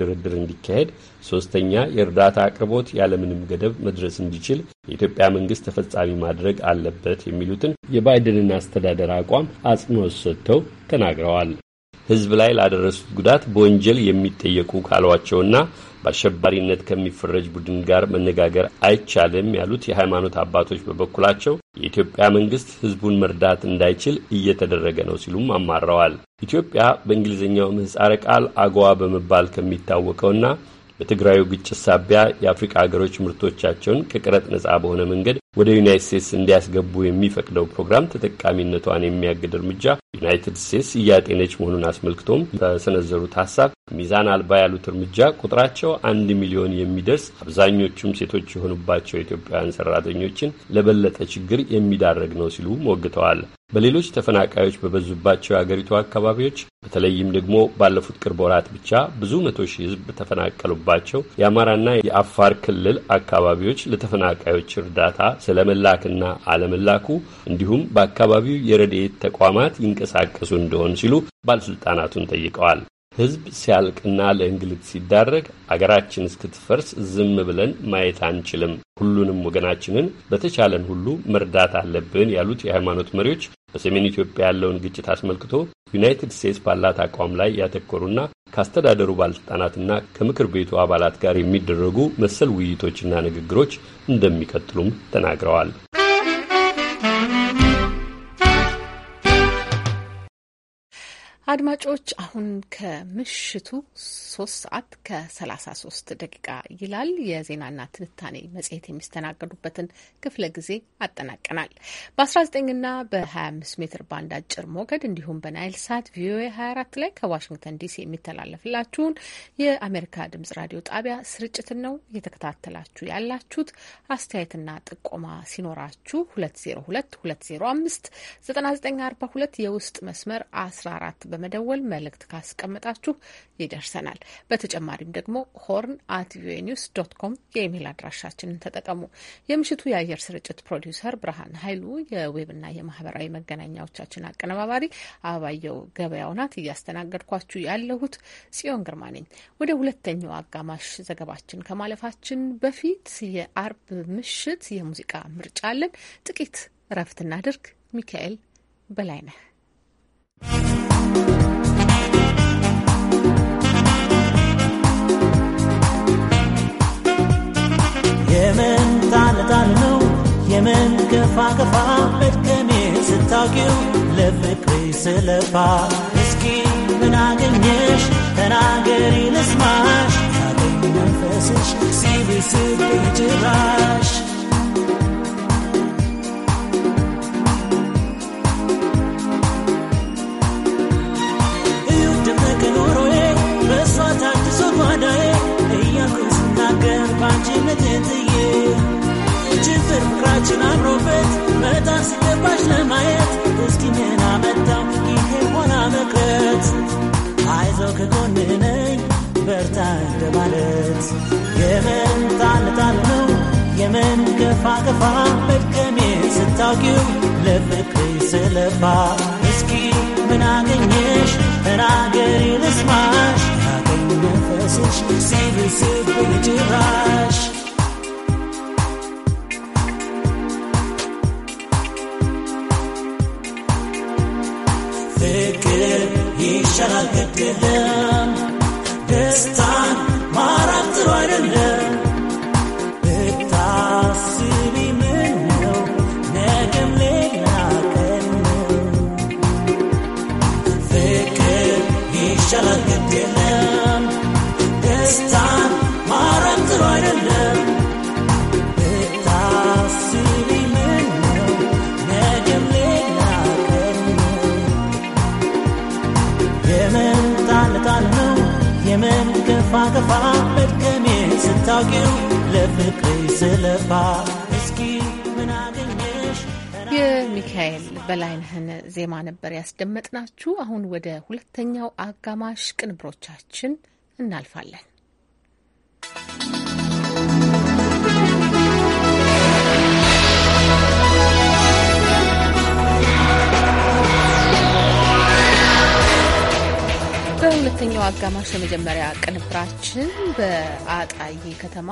ድርድር እንዲካሄድ፣ ሶስተኛ፣ የእርዳታ አቅርቦት ያለምንም ገደብ መድረስ እንዲችል የኢትዮጵያ መንግስት ተፈጻሚ ማድረግ አለበት የሚሉትን የባይደንን አስተዳደር አቋም አጽንኦት ሰጥተው ተናግረዋል። ሕዝብ ላይ ላደረሱት ጉዳት በወንጀል የሚጠየቁ ካሏቸውና በአሸባሪነት ከሚፈረጅ ቡድን ጋር መነጋገር አይቻልም ያሉት የሃይማኖት አባቶች በበኩላቸው የኢትዮጵያ መንግስት ህዝቡን መርዳት እንዳይችል እየተደረገ ነው ሲሉም አማረዋል። ኢትዮጵያ በእንግሊዝኛው ምህጻረ ቃል አገዋ በመባል ከሚታወቀውና በትግራዩ ግጭት ሳቢያ የአፍሪካ ሀገሮች ምርቶቻቸውን ከቀረጥ ነጻ በሆነ መንገድ ወደ ዩናይት ስቴትስ እንዲያስገቡ የሚፈቅደው ፕሮግራም ተጠቃሚነቷን የሚያግድ እርምጃ ዩናይትድ ስቴትስ እያጤነች መሆኑን አስመልክቶም በሰነዘሩት ሀሳብ ሚዛን አልባ ያሉት እርምጃ ቁጥራቸው አንድ ሚሊዮን የሚደርስ አብዛኞቹም ሴቶች የሆኑባቸው ኢትዮጵያውያን ሰራተኞችን ለበለጠ ችግር የሚዳረግ ነው ሲሉ ሞግተዋል። በሌሎች ተፈናቃዮች በበዙባቸው የአገሪቱ አካባቢዎች በተለይም ደግሞ ባለፉት ቅርብ ወራት ብቻ ብዙ መቶ ሺህ ሕዝብ በተፈናቀሉባቸው የአማራና የአፋር ክልል አካባቢዎች ለተፈናቃዮች እርዳታ ስለ መላክና አለመላኩ እንዲሁም በአካባቢው የረድኤት ተቋማት ይንቀሳቀሱ እንደሆን ሲሉ ባለሥልጣናቱን ጠይቀዋል። ሕዝብ ሲያልቅና ለእንግልት ሲዳረግ አገራችን እስክትፈርስ ዝም ብለን ማየት አንችልም፣ ሁሉንም ወገናችንን በተቻለን ሁሉ መርዳት አለብን ያሉት የሃይማኖት መሪዎች በሰሜን ኢትዮጵያ ያለውን ግጭት አስመልክቶ ዩናይትድ ስቴትስ ባላት አቋም ላይ ያተኮሩና ከአስተዳደሩ ባለሥልጣናትና ከምክር ቤቱ አባላት ጋር የሚደረጉ መሰል ውይይቶችና ንግግሮች እንደሚቀጥሉም ተናግረዋል። አድማጮች አሁን ከምሽቱ ሶስት ሰዓት ከሰላሳ ሶስት ደቂቃ ይላል። የዜናና ትንታኔ መጽሔት የሚስተናገዱበትን ክፍለ ጊዜ አጠናቀናል። በ19ና በ25 ሜትር ባንድ አጭር ሞገድ እንዲሁም በናይል ሳት ቪኦኤ 24 ላይ ከዋሽንግተን ዲሲ የሚተላለፍላችሁን የአሜሪካ ድምጽ ራዲዮ ጣቢያ ስርጭትን ነው እየተከታተላችሁ ያላችሁት። አስተያየትና ጥቆማ ሲኖራችሁ 202 የውስጥ መስመር 14 በመደወል መልእክት ካስቀመጣችሁ ይደርሰናል። በተጨማሪም ደግሞ ሆርን አት ቪኦኤ ኒውስ ዶት ኮም የኢሜል አድራሻችንን ተጠቀሙ። የምሽቱ የአየር ስርጭት ፕሮዲውሰር ብርሃን ኃይሉ፣ የዌብና የማህበራዊ መገናኛዎቻችን አቀነባባሪ አበባየው ገበያው ናት። እያስተናገድኳችሁ ያለሁት ጽዮን ግርማ ነኝ። ወደ ሁለተኛው አጋማሽ ዘገባችን ከማለፋችን በፊት የአርብ ምሽት የሙዚቃ ምርጫ አለን። ጥቂት እረፍት እናድርግ። ሚካኤል በላይ ነህ። ቀላል ነው የመንገፋገፋ በድከሜ ስታውቂው ለፍቅሬ ስለፋ እስኪ ምን አገኘሽ ተናገሪ ልስማሽ ያገኝ መንፈስሽ ሲብስብ ጭራሽ ፍቅራችን አምሮበት በጣም ሲገባሽ ለማየት እስኪ ምን አመጣው ይሄ ሆና መቅረት አይዞህ ከጎን ነኝ በርታ እንደማለት የምን ጣል ነው የምን ገፋ ገፋ መድገሜ ስታውቂው ለፍቅር ስለፋ እስኪ ምን አገኘሽ ተናገሪ ልስማሽ ያገኝ ነፈስሽ ሲብስብ Yeah. ማገፋ መድገሜ ስታውቂው ለፍቅሬ ስለፋ እስኪ ምን አገኘሽ። የሚካኤል በላይነህን ዜማ ነበር ያስደመጥናችሁ። አሁን ወደ ሁለተኛው አጋማሽ ቅንብሮቻችን እናልፋለን። በሁለተኛው አጋማሽ የመጀመሪያ ቅንብራችን በአጣዬ ከተማ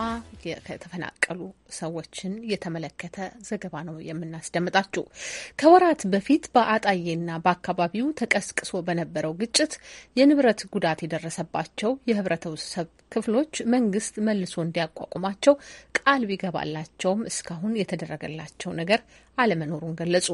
የተፈናቀሉ ሰዎችን የተመለከተ ዘገባ ነው የምናስደምጣችሁ። ከወራት በፊት በአጣዬና በአካባቢው ተቀስቅሶ በነበረው ግጭት የንብረት ጉዳት የደረሰባቸው የህብረተሰብ ክፍሎች መንግስት መልሶ እንዲያቋቁማቸው ቃል ቢገባላቸውም እስካሁን የተደረገላቸው ነገር አለመኖሩን ገለጹ።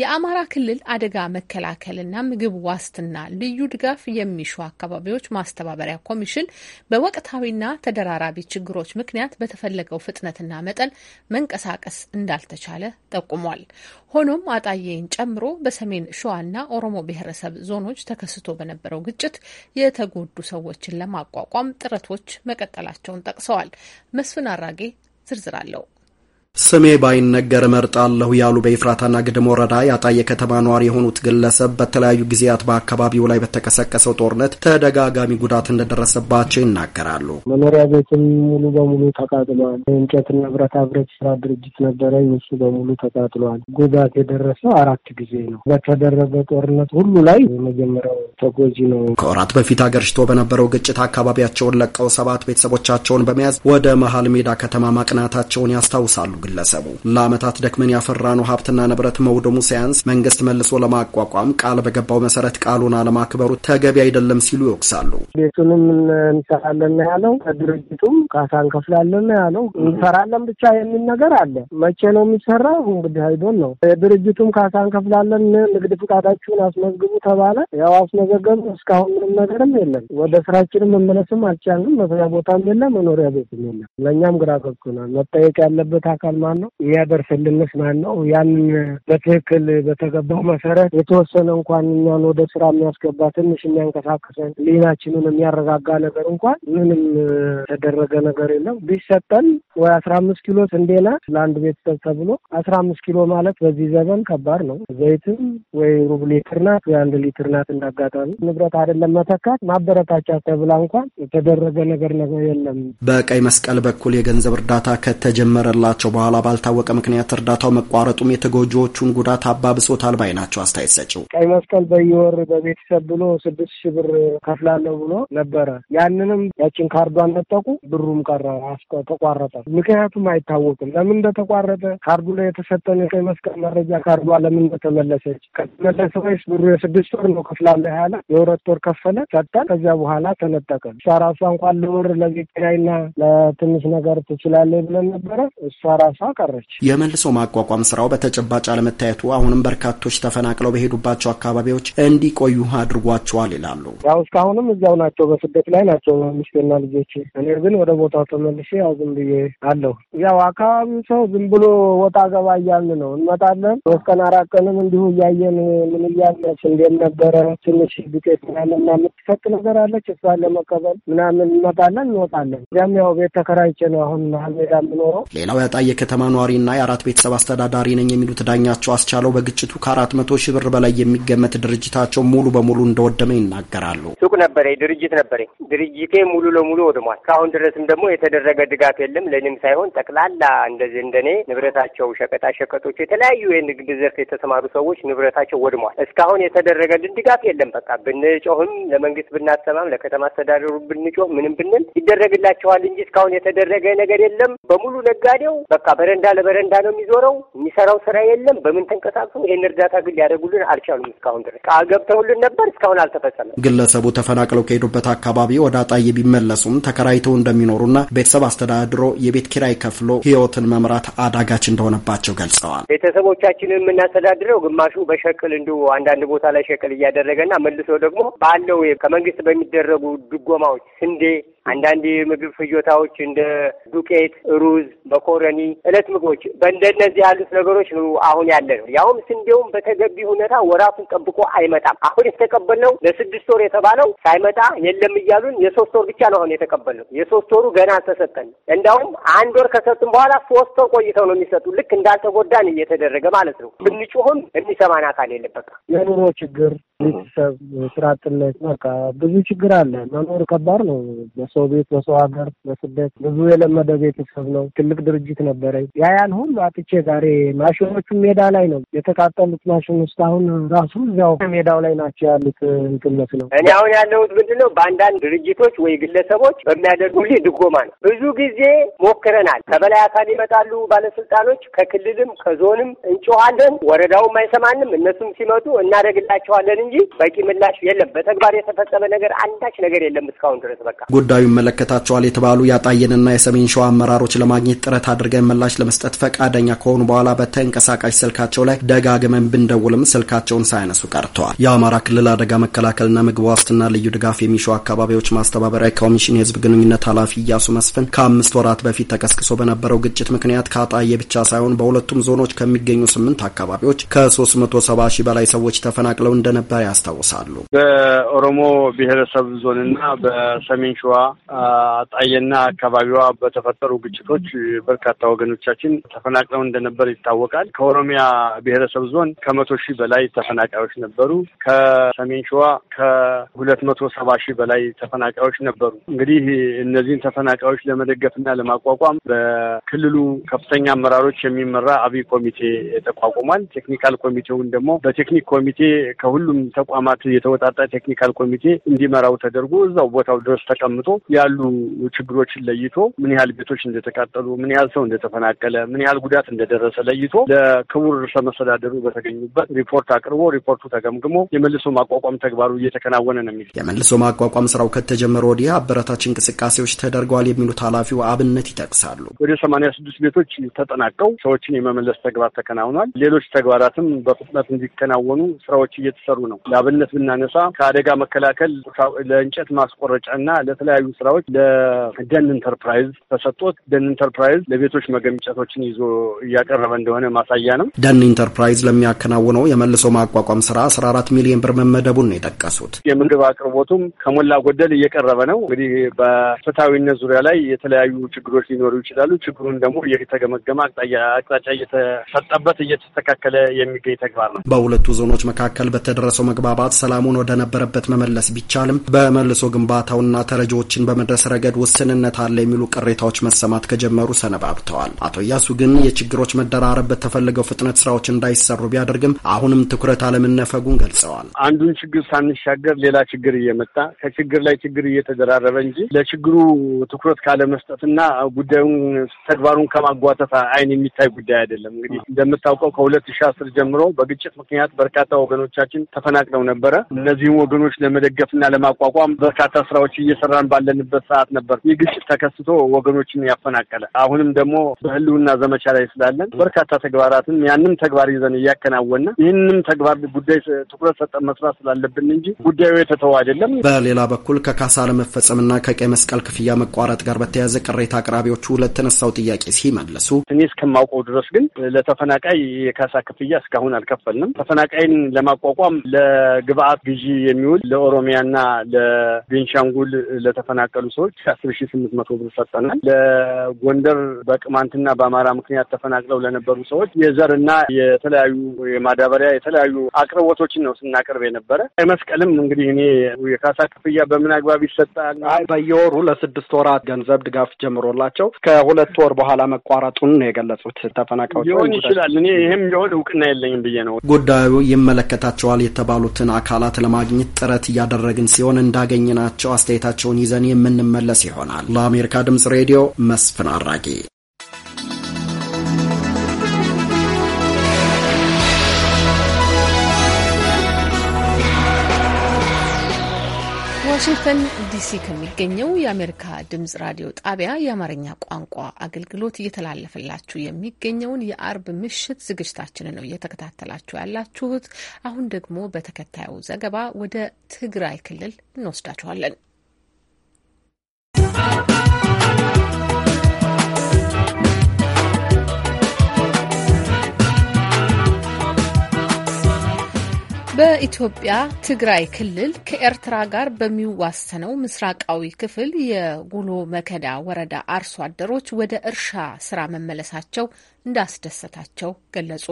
የአማራ ክልል አደጋ መከላከልና ምግብ ዋስትና ልዩ ድጋፍ የሚሹ አካባቢዎች ማስተባበሪያ ኮሚሽን በወቅታዊና ተደራራቢ ችግሮች ምክንያት በተፈለገው ፍጥነትና መጠን መንቀሳቀስ እንዳልተቻለ ጠቁሟል። ሆኖም አጣዬን ጨምሮ በሰሜን ሸዋና ኦሮሞ ብሔረሰብ ዞኖች ተከስቶ በነበረው ግጭት የተጎዱ ሰዎችን ለማቋቋም ጥረቶች መቀጠላቸውን ጠቅሰዋል። መስፍን አራጌ ዝርዝር አለው። ስሜ ባይነገር መርጣለሁ ያሉ በኤፍራታና ግድም ወረዳ ያጣየ ከተማ ነዋሪ የሆኑት ግለሰብ በተለያዩ ጊዜያት በአካባቢው ላይ በተቀሰቀሰው ጦርነት ተደጋጋሚ ጉዳት እንደደረሰባቸው ይናገራሉ። መኖሪያ ቤትም ሙሉ በሙሉ ተቃጥሏል። እንጨትና ብረታ ብረት ስራ ድርጅት ነበረ፣ እሱ በሙሉ ተቃጥሏል። ጉዳት የደረሰው አራት ጊዜ ነው። በተደረገ ጦርነት ሁሉ ላይ የመጀመሪያው ተጎጂ ነው። ከወራት በፊት አገርሽቶ በነበረው ግጭት አካባቢያቸውን ለቀው ሰባት ቤተሰቦቻቸውን በመያዝ ወደ መሀል ሜዳ ከተማ ማቅናታቸውን ያስታውሳሉ። ግለሰቡ ለአመታት ደክመን ያፈራነው ሀብትና ንብረት መውደሙ ሳያንስ መንግስት መልሶ ለማቋቋም ቃል በገባው መሰረት ቃሉን አለማክበሩ ተገቢ አይደለም ሲሉ ይወቅሳሉ። ቤቱንም እንሰራለን ያለው ድርጅቱም ካሳ እንከፍላለን ያለው እንሰራለን ብቻ የሚል ነገር አለ። መቼ ነው የሚሰራው? እንግዲህ አይዶን ነው። ድርጅቱም ካሳ እንከፍላለን፣ ንግድ ፍቃዳችሁን አስመዝግቡ ተባለ። ያው አስመዘገቡ። እስካሁን ምንም ነገርም የለም። ወደ ስራችንም መመለስም አልቻልንም። መስሪያ ቦታም የለም፣ መኖሪያ ቤትም የለም። ለእኛም ግራ ገብቶናል። መጠየቅ ያለበት አካል ያደርሰናል ማን ነው የሚያደርስልንስ ማን ነው? ያንን በትክክል በተገባው መሰረት የተወሰነ እንኳን እኛን ወደ ስራ የሚያስገባ ትንሽ የሚያንቀሳቀሰን ሌናችንን የሚያረጋጋ ነገር እንኳን ምንም የተደረገ ነገር የለም። ቢሰጠን ወይ አስራ አምስት ኪሎ ስንዴ ናት ለአንድ ቤተሰብ ተብሎ አስራ አምስት ኪሎ ማለት በዚህ ዘመን ከባድ ነው። ዘይትም ወይ ሩብ ሊትር ናት ወይ አንድ ሊትር ናት። እንዳጋጣሚ ንብረት አይደለም መተካት ማበረታቻ ተብላ እንኳን የተደረገ ነገር ነገር የለም። በቀይ መስቀል በኩል የገንዘብ እርዳታ ከተጀመረላቸው በኋላ ባልታወቀ ምክንያት እርዳታው መቋረጡም የተጎጂዎቹን ጉዳት አባብሶታል ባይ ናቸው አስተያየት ሰጪው። ቀይ መስቀል በየወር በቤተሰብ ብሎ ስድስት ሺህ ብር ከፍላለሁ ብሎ ነበረ። ያንንም ያችን ካርዷን ነጠቁ፣ ብሩም ቀረ ተቋረጠ። ምክንያቱም አይታወቅም ለምን እንደተቋረጠ። ካርዱ ላይ የተሰጠን የቀይ መስቀል መረጃ ካርዷ ለምን እንደተመለሰች ከተመለሰ ወይስ ብሩ የስድስት ወር ነው ከፍላለሁ ያለ የሁለት ወር ከፈለ ሰጠን። ከዚያ በኋላ ተነጠቀ። እሷ ራሷ እንኳን ለወር ለቤት ኪራይና ለትንሽ ነገር ትችላለ ብለን ነበረ እሷ ራሷ ተመልሳ ቀረች። የመልሶ ማቋቋም ስራው በተጨባጭ አለመታየቱ አሁንም በርካቶች ተፈናቅለው በሄዱባቸው አካባቢዎች እንዲቆዩ አድርጓቸዋል ይላሉ። ያው እስካሁንም እዚያው ናቸው፣ በስደት ላይ ናቸው ሚስቴና ልጆች። እኔ ግን ወደ ቦታው ተመልሼ ያው ዝም ብዬ አለሁ። ያው አካባቢው ሰው ዝም ብሎ ወጣ ገባ እያልን ነው። እንመጣለን ሶስት ቀን አራት ቀንም እንዲሁ እያየን ምን እያለ እንዴት ነበረ ትንሽ ዱቄት ምናምን እና የምትሰጥ ነገር አለች እሷን ለመቀበል ምናምን እንመጣለን እንወጣለን። እዚያም ያው ቤት ተከራይቼ ነው አሁን መሀል ሜዳ የምኖረው። ሌላው ያጣየ የከተማ ነዋሪና የአራት ቤተሰብ አስተዳዳሪ ነኝ የሚሉት ዳኛቸው አስቻለው በግጭቱ ከአራት መቶ ሺህ ብር በላይ የሚገመት ድርጅታቸው ሙሉ በሙሉ እንደወደመ ይናገራሉ። ሱቅ ነበረ፣ ድርጅት ነበረ። ድርጅቴ ሙሉ ለሙሉ ወድሟል። እስካሁን ድረስም ደግሞ የተደረገ ድጋፍ የለም። ለእኔም ሳይሆን ጠቅላላ እንደዚህ እንደኔ ንብረታቸው፣ ሸቀጣ ሸቀጦች፣ የተለያዩ የንግድ ዘርፍ የተሰማሩ ሰዎች ንብረታቸው ወድሟል። እስካሁን የተደረገልን ድጋፍ የለም። በቃ ብንጮህም ለመንግስት ብናሰማም ለከተማ አስተዳደሩ ብንጮህ ምንም ብንል ይደረግላቸዋል እንጂ እስካሁን የተደረገ ነገር የለም። በሙሉ ነጋዴው በ በቃ በረንዳ ለበረንዳ ነው የሚዞረው። የሚሰራው ስራ የለም። በምን ተንቀሳቅሱ። ይህን እርዳታ ግን ሊያደርጉልን አልቻሉም። እስካሁን ድረስ ቃል ገብተውልን ነበር፣ እስካሁን አልተፈጸመም። ግለሰቡ ተፈናቅለው ከሄዱበት አካባቢ ወደ አጣዬ ቢመለሱም ተከራይተው እንደሚኖሩና ቤተሰብ አስተዳድሮ የቤት ኪራይ ከፍሎ ህይወትን መምራት አዳጋች እንደሆነባቸው ገልጸዋል። ቤተሰቦቻችንን የምናስተዳድረው ግማሹ በሸቅል እንዲሁ አንዳንድ ቦታ ላይ ሸቅል እያደረገና መልሶ ደግሞ ባለው ከመንግስት በሚደረጉ ድጎማዎች ስንዴ አንዳንድ የምግብ ፍጆታዎች እንደ ዱቄት፣ ሩዝ፣ መኮረኒ፣ እለት ምግቦች በእንደነዚህ ያሉት ነገሮች ነው አሁን ያለ ነው። ያውም ስንዴውም በተገቢ ሁኔታ ወራቱን ጠብቆ አይመጣም። አሁን የተቀበልነው ለስድስት ወር የተባለው ሳይመጣ የለም እያሉን የሶስት ወር ብቻ ነው አሁን የተቀበልነው። የሶስት ወሩ ገና አልተሰጠን። እንዳውም አንድ ወር ከሰጡን በኋላ ሶስት ወር ቆይተው ነው የሚሰጡ። ልክ እንዳልተጎዳን እየተደረገ ማለት ነው። ብንጩህም የሚሰማን አካል የለበቃ የኑሮ ችግር ቤተሰብ፣ ስራ አጥነት፣ በቃ ብዙ ችግር አለ። መኖር ከባድ ነው። በሰው ቤት፣ በሰው ሀገር፣ በስደት ብዙ የለመደ ቤተሰብ ነው። ትልቅ ድርጅት ነበረኝ። ያያን ሁሉ አጥቼ ዛሬ ማሽኖቹ ሜዳ ላይ ነው የተቃጠሉት። ማሽኖች አሁን ራሱ እዚያው ሜዳው ላይ ናቸው ያሉት። እንትነት ነው እኔ አሁን ያለሁት ምንድን ነው በአንዳንድ ድርጅቶች ወይ ግለሰቦች በሚያደርጉልኝ ድጎማ ነው። ብዙ ጊዜ ሞክረናል። ከበላይ አካል ይመጣሉ ባለስልጣኖች፣ ከክልልም ከዞንም እንጮኋለን። ወረዳውም አይሰማንም። እነሱም ሲመጡ እናደግላቸዋለን እንጂ እንጂ በቂ ምላሽ የለም። በተግባር የተፈጸመ ነገር አንዳች ነገር የለም እስካሁን ድረስ። በቃ ጉዳዩ ይመለከታቸዋል የተባሉ የአጣየንና የሰሜን ሸዋ አመራሮች ለማግኘት ጥረት አድርገን ምላሽ ለመስጠት ፈቃደኛ ከሆኑ በኋላ በተንቀሳቃሽ ስልካቸው ላይ ደጋግመን ብንደውልም ስልካቸውን ሳያነሱ ቀርተዋል። የአማራ ክልል አደጋ መከላከልና ምግብ ዋስትና ልዩ ድጋፍ የሚሹ አካባቢዎች ማስተባበሪያ ኮሚሽን የህዝብ ግንኙነት ኃላፊ እያሱ መስፍን ከአምስት ወራት በፊት ተቀስቅሶ በነበረው ግጭት ምክንያት ከአጣየ ብቻ ሳይሆን በሁለቱም ዞኖች ከሚገኙ ስምንት አካባቢዎች ከ370 ሺህ በላይ ሰዎች ተፈናቅለው እንደነበር እንደነበር ያስታውሳሉ። በኦሮሞ ብሔረሰብ ዞንና በሰሜን ሸዋ አጣዬና አካባቢዋ በተፈጠሩ ግጭቶች በርካታ ወገኖቻችን ተፈናቅለው እንደነበር ይታወቃል። ከኦሮሚያ ብሔረሰብ ዞን ከመቶ ሺህ በላይ ተፈናቃዮች ነበሩ። ከሰሜን ሸዋ ከሁለት መቶ ሰባ ሺህ በላይ ተፈናቃዮች ነበሩ። እንግዲህ እነዚህን ተፈናቃዮች ለመደገፍና ለማቋቋም በክልሉ ከፍተኛ አመራሮች የሚመራ አብይ ኮሚቴ ተቋቁሟል። ቴክኒካል ኮሚቴውን ደግሞ በቴክኒክ ኮሚቴ ከሁሉም ተቋማት የተወጣጣ ቴክኒካል ኮሚቴ እንዲመራው ተደርጎ እዛው ቦታው ድረስ ተቀምጦ ያሉ ችግሮችን ለይቶ ምን ያህል ቤቶች እንደተቃጠሉ፣ ምን ያህል ሰው እንደተፈናቀለ፣ ምን ያህል ጉዳት እንደደረሰ ለይቶ ለክቡር ርዕሰ መስተዳደሩ በተገኙበት ሪፖርት አቅርቦ ሪፖርቱ ተገምግሞ የመልሶ ማቋቋም ተግባሩ እየተከናወነ ነው የሚል የመልሶ ማቋቋም ስራው ከተጀመረ ወዲህ አበረታች እንቅስቃሴዎች ተደርገዋል የሚሉት ኃላፊው አብነት ይጠቅሳሉ። ወደ ሰማንያ ስድስት ቤቶች ተጠናቀው ሰዎችን የመመለስ ተግባር ተከናውኗል። ሌሎች ተግባራትም በፍጥነት እንዲከናወኑ ስራዎች እየተሰሩ ነው። ነው። ለአብነት ብናነሳ ከአደጋ መከላከል ለእንጨት ማስቆረጫ እና ለተለያዩ ስራዎች ለደን ኢንተርፕራይዝ ተሰጥቶት ደን ኢንተርፕራይዝ ለቤቶች መገም እንጨቶችን ይዞ እያቀረበ እንደሆነ ማሳያ ነው። ደን ኢንተርፕራይዝ ለሚያከናውነው የመልሶ ማቋቋም ስራ አስራ አራት ሚሊዮን ብር መመደቡን ነው የጠቀሱት። የምግብ አቅርቦቱም ከሞላ ጎደል እየቀረበ ነው። እንግዲህ በፍትሐዊነት ዙሪያ ላይ የተለያዩ ችግሮች ሊኖሩ ይችላሉ። ችግሩን ደግሞ የተገመገመ አቅጣጫ እየተሰጠበት እየተስተካከለ የሚገኝ ተግባር ነው። በሁለቱ ዞኖች መካከል በተደረሰው መግባባት ሰላሙን ወደነበረበት መመለስ ቢቻልም በመልሶ ግንባታውና ተረጂዎችን በመድረስ ረገድ ውስንነት አለ የሚሉ ቅሬታዎች መሰማት ከጀመሩ ሰነባብተዋል። አቶ እያሱ ግን የችግሮች መደራረብ በተፈለገው ፍጥነት ስራዎች እንዳይሰሩ ቢያደርግም አሁንም ትኩረት አለመነፈጉን ገልጸዋል። አንዱን ችግር ሳንሻገር ሌላ ችግር እየመጣ ከችግር ላይ ችግር እየተደራረበ እንጂ ለችግሩ ትኩረት ካለመስጠትና ጉዳዩን ተግባሩን ከማጓተት አይን የሚታይ ጉዳይ አይደለም። እንግዲህ እንደምታውቀው ከሁለት ሺህ አስር ጀምሮ በግጭት ምክንያት በርካታ ወገኖቻችን ተፈ ተፈናቅለው ነበረ። እነዚህም ወገኖች ለመደገፍና ለማቋቋም በርካታ ስራዎች እየሰራን ባለንበት ሰዓት ነበር ይህ ግጭት ተከስቶ ወገኖችን ያፈናቀለ። አሁንም ደግሞ በህልውና ዘመቻ ላይ ስላለን በርካታ ተግባራትን ያንም ተግባር ይዘን እያከናወነ ይህንም ተግባር ጉዳይ ትኩረት ሰጠን መስራት ስላለብን እንጂ ጉዳዩ የተተው አይደለም። በሌላ በኩል ከካሳ ለመፈጸምና ከቀይ መስቀል ክፍያ መቋረጥ ጋር በተያያዘ ቅሬታ አቅራቢዎቹ ለተነሳው ጥያቄ ሲመለሱ እኔ እስከማውቀው ድረስ ግን ለተፈናቃይ የካሳ ክፍያ እስካሁን አልከፈልንም። ተፈናቃይን ለማቋቋም ለ ለግብአት ግዢ የሚውል ለኦሮሚያና ለቤንሻንጉል ለተፈናቀሉ ሰዎች አስር ሺ ስምንት መቶ ብር ሰጠናል። ለጎንደር በቅማንትና በአማራ ምክንያት ተፈናቅለው ለነበሩ ሰዎች የዘርና የተለያዩ የማዳበሪያ የተለያዩ አቅርቦቶችን ነው ስናቀርብ የነበረ። መስቀልም እንግዲህ እኔ የካሳ ክፍያ በምን አግባብ ይሰጣል? በየወሩ ለስድስት ወራት ገንዘብ ድጋፍ ጀምሮላቸው ከሁለት ወር በኋላ መቋረጡን ነው የገለጹት። ተፈናቃዮች ሊሆን ይችላል። እኔ ይህም ቢሆን እውቅና የለኝም ብዬ ነው ጉዳዩ ይመለከታቸዋል የተባ የተባሉትን አካላት ለማግኘት ጥረት እያደረግን ሲሆን እንዳገኝናቸው አስተያየታቸውን ይዘን የምንመለስ ይሆናል። ለአሜሪካ ድምጽ ሬዲዮ መስፍን አራጌ። ዋሽንግተን ዲሲ ከሚገኘው የአሜሪካ ድምጽ ራዲዮ ጣቢያ የአማርኛ ቋንቋ አገልግሎት እየተላለፈላችሁ የሚገኘውን የአርብ ምሽት ዝግጅታችን ነው እየተከታተላችሁ ያላችሁት። አሁን ደግሞ በተከታዩ ዘገባ ወደ ትግራይ ክልል እንወስዳችኋለን። በኢትዮጵያ ትግራይ ክልል ከኤርትራ ጋር በሚዋሰነው ምስራቃዊ ክፍል የጉሎ መከዳ ወረዳ አርሶ አደሮች ወደ እርሻ ስራ መመለሳቸው እንዳስደሰታቸው ገለጹ።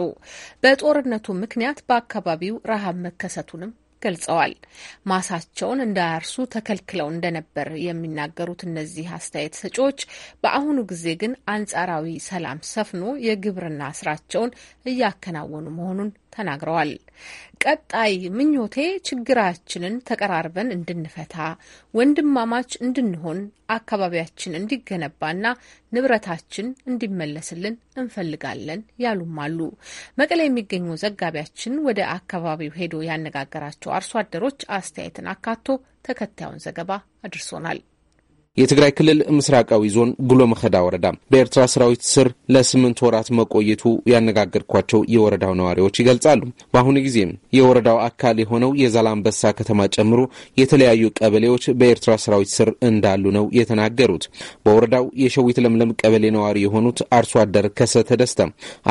በጦርነቱ ምክንያት በአካባቢው ረሃብ መከሰቱንም ገልጸዋል። ማሳቸውን እንዳያርሱ ተከልክለው እንደነበር የሚናገሩት እነዚህ አስተያየት ሰጪዎች በአሁኑ ጊዜ ግን አንጻራዊ ሰላም ሰፍኖ የግብርና ስራቸውን እያከናወኑ መሆኑን ተናግረዋል። ቀጣይ ምኞቴ ችግራችንን ተቀራርበን እንድንፈታ፣ ወንድማማች እንድንሆን፣ አካባቢያችን እንዲገነባና ንብረታችን እንዲመለስልን እንፈልጋለን ያሉም አሉ። መቀሌ የሚገኘው ዘጋቢያችን ወደ አካባቢው ሄዶ ያነጋገራቸው አርሶ አደሮች አስተያየትን አካቶ ተከታዩን ዘገባ አድርሶናል። የትግራይ ክልል ምስራቃዊ ዞን ጉሎ መኸዳ ወረዳ በኤርትራ ሰራዊት ስር ለስምንት ወራት መቆየቱ ያነጋገርኳቸው የወረዳው ነዋሪዎች ይገልጻሉ። በአሁኑ ጊዜም የወረዳው አካል የሆነው የዛላምበሳ ከተማ ጨምሮ የተለያዩ ቀበሌዎች በኤርትራ ሰራዊት ስር እንዳሉ ነው የተናገሩት። በወረዳው የሸዊት ለምለም ቀበሌ ነዋሪ የሆኑት አርሶ አደር ከሰ ተደስተ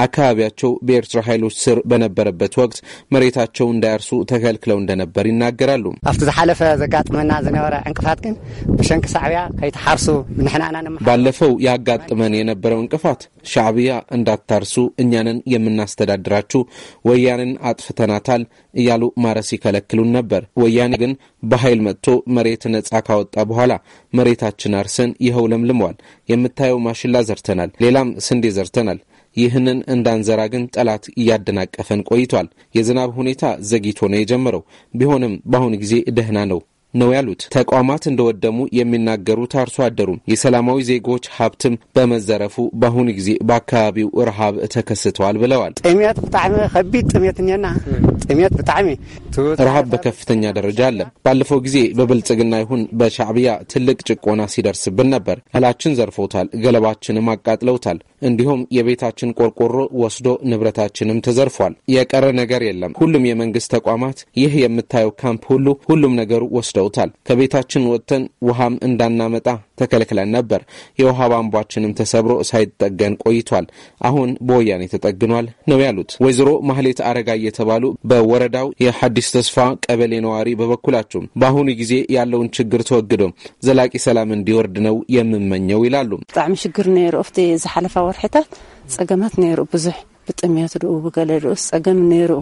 አካባቢያቸው በኤርትራ ኃይሎች ስር በነበረበት ወቅት መሬታቸው እንዳያርሱ ተከልክለው እንደነበር ይናገራሉ። ኣብቲ ዝሓለፈ ዘጋጥመና ዝነበረ ዕንቅፋት ግን ብሸንኪ ሳዕብያ ከይተሓርሱ ንሕናና ባለፈው ያጋጥመን የነበረው እንቅፋት ሻዕብያ እንዳታርሱ እኛንን የምናስተዳድራችሁ ወያንን አጥፍተናታል እያሉ ማረስ ይከለክሉን ነበር። ወያኔ ግን በኃይል መጥቶ መሬት ነጻ ካወጣ በኋላ መሬታችን አርሰን ይኸው ለምልመዋል። የምታየው ማሽላ ዘርተናል፣ ሌላም ስንዴ ዘርተናል። ይህንን እንዳንዘራ ግን ጠላት እያደናቀፈን ቆይቷል። የዝናብ ሁኔታ ዘግይቶ ነው የጀመረው። ቢሆንም በአሁኑ ጊዜ ደህና ነው። ነው ያሉት። ተቋማት እንደወደሙ የሚናገሩት አርሶ አደሩም የሰላማዊ ዜጎች ሀብትም በመዘረፉ በአሁኑ ጊዜ በአካባቢው ረሃብ ተከስተዋል ብለዋል። ጥሜት ብጣዕሚ ከቢድ ጥሜት እኒና ጥሜት ብጣዕሚ ረሃብ በከፍተኛ ደረጃ አለ። ባለፈው ጊዜ በብልጽግና ይሁን በሻዕብያ ትልቅ ጭቆና ሲደርስብን ነበር። እህላችን ዘርፎታል፣ ገለባችንም አቃጥለውታል። እንዲሁም የቤታችን ቆርቆሮ ወስዶ ንብረታችንም ተዘርፏል። የቀረ ነገር የለም። ሁሉም የመንግስት ተቋማት ይህ የምታየው ካምፕ ሁሉ ሁሉም ነገሩ ወስደውታል። ከቤታችን ወጥተን ውሃም እንዳናመጣ ተከልክለን ነበር። የውሃ ቧንቧችንም ተሰብሮ ሳይጠገን ቆይቷል። አሁን በወያኔ ተጠግኗል ነው ያሉት ወይዘሮ ማህሌት አረጋ እየተባሉ በወረዳው የሐዲስ ተስፋ ቀበሌ ነዋሪ በበኩላቸው በአሁኑ ጊዜ ያለውን ችግር ተወግዶ ዘላቂ ሰላም እንዲወርድ ነው የምመኘው ይላሉ። ብጣዕሚ ሽግር ነይሩ ዝሓለፈ ወርሒታት ጸገማት ነይሩ ብዙሕ ብጥምየት ድኡ ብገለ ድኡ ጸገም ነይሩ።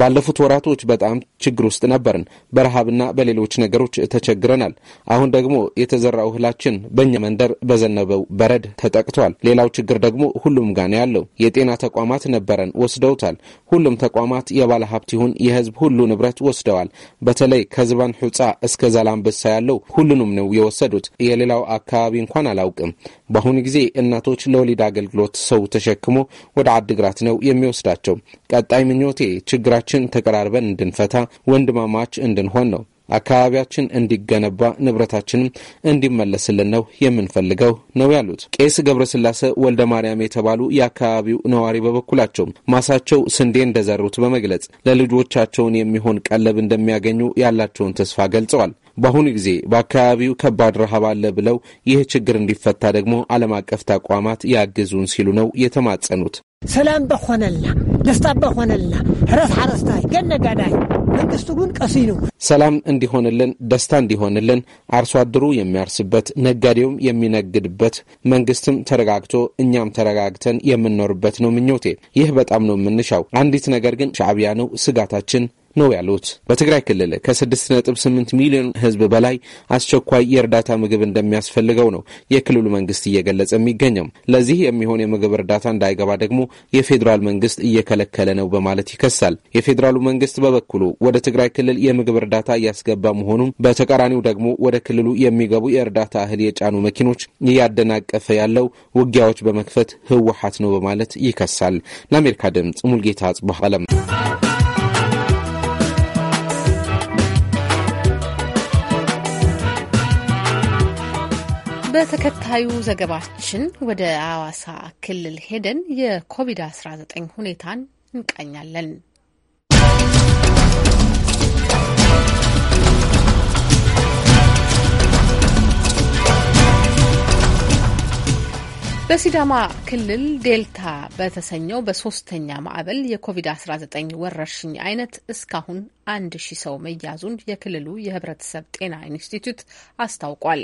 ባለፉት ወራቶች በጣም ችግር ውስጥ ነበርን። በረሃብና በሌሎች ነገሮች ተቸግረናል። አሁን ደግሞ የተዘራው እህላችን በእኛ መንደር በዘነበው በረድ ተጠቅቷል። ሌላው ችግር ደግሞ ሁሉም ጋን ያለው። የጤና ተቋማት ነበረን፣ ወስደውታል። ሁሉም ተቋማት የባለ ሀብት ይሁን የህዝብ ሁሉ ንብረት ወስደዋል። በተለይ ከዝባን ሑፃ እስከ ዛላምበሳ ያለው ሁሉንም ነው የወሰዱት። የሌላው አካባቢ እንኳን አላውቅም። በአሁኑ ጊዜ እናቶች ለወሊድ አገልግሎት ሰው ተሸክሞ ወደ አድግራት ነው የሚወስዳቸው። ቀጣይ ምኞቴ ችግራችን ተቀራርበን እንድንፈታ፣ ወንድማማች እንድንሆን ነው። አካባቢያችን እንዲገነባ ንብረታችንም እንዲመለስልን ነው የምንፈልገው ነው ያሉት ቄስ ገብረስላሴ ወልደ ማርያም የተባሉ የአካባቢው ነዋሪ በበኩላቸው ማሳቸው ስንዴ እንደዘሩት በመግለጽ ለልጆቻቸውን የሚሆን ቀለብ እንደሚያገኙ ያላቸውን ተስፋ ገልጸዋል። በአሁኑ ጊዜ በአካባቢው ከባድ ረሃብ አለ ብለው ይህ ችግር እንዲፈታ ደግሞ ዓለም አቀፍ ተቋማት ያግዙን ሲሉ ነው የተማጸኑት። ሰላም በኾነላ ደስታ በኾነላ ሕረስ ሓረስታይ ገነጋዳይ መንግስቱ ግን ነው። ሰላም እንዲሆንልን ደስታ እንዲሆንልን አርሶ አደሩ የሚያርስበት ነጋዴውም የሚነግድበት መንግስትም ተረጋግቶ እኛም ተረጋግተን የምንኖርበት ነው ምኞቴ። ይህ በጣም ነው የምንሻው። አንዲት ነገር ግን ሻዕቢያ ነው ስጋታችን ነው ያሉት። በትግራይ ክልል ከ6.8 ሚሊዮን ህዝብ በላይ አስቸኳይ የእርዳታ ምግብ እንደሚያስፈልገው ነው የክልሉ መንግስት እየገለጸ የሚገኘው። ለዚህ የሚሆን የምግብ እርዳታ እንዳይገባ ደግሞ የፌዴራል መንግስት እየከለከለ ነው በማለት ይከሳል። የፌዴራሉ መንግስት በበኩሉ ወደ ትግራይ ክልል የምግብ እርዳታ እያስገባ መሆኑም፣ በተቃራኒው ደግሞ ወደ ክልሉ የሚገቡ የእርዳታ እህል የጫኑ መኪኖች እያደናቀፈ ያለው ውጊያዎች በመክፈት ህወሀት ነው በማለት ይከሳል። ለአሜሪካ ድምጽ ሙልጌታ አጽባህ አለም ተከታዩ ዘገባችን ወደ አዋሳ ክልል ሄደን የኮቪድ-19 ሁኔታን እንቃኛለን። በሲዳማ ክልል ዴልታ በተሰኘው በሶስተኛ ማዕበል የኮቪድ-19 ወረርሽኝ አይነት እስካሁን አንድ ሺህ ሰው መያዙን የክልሉ የህብረተሰብ ጤና ኢንስቲትዩት አስታውቋል።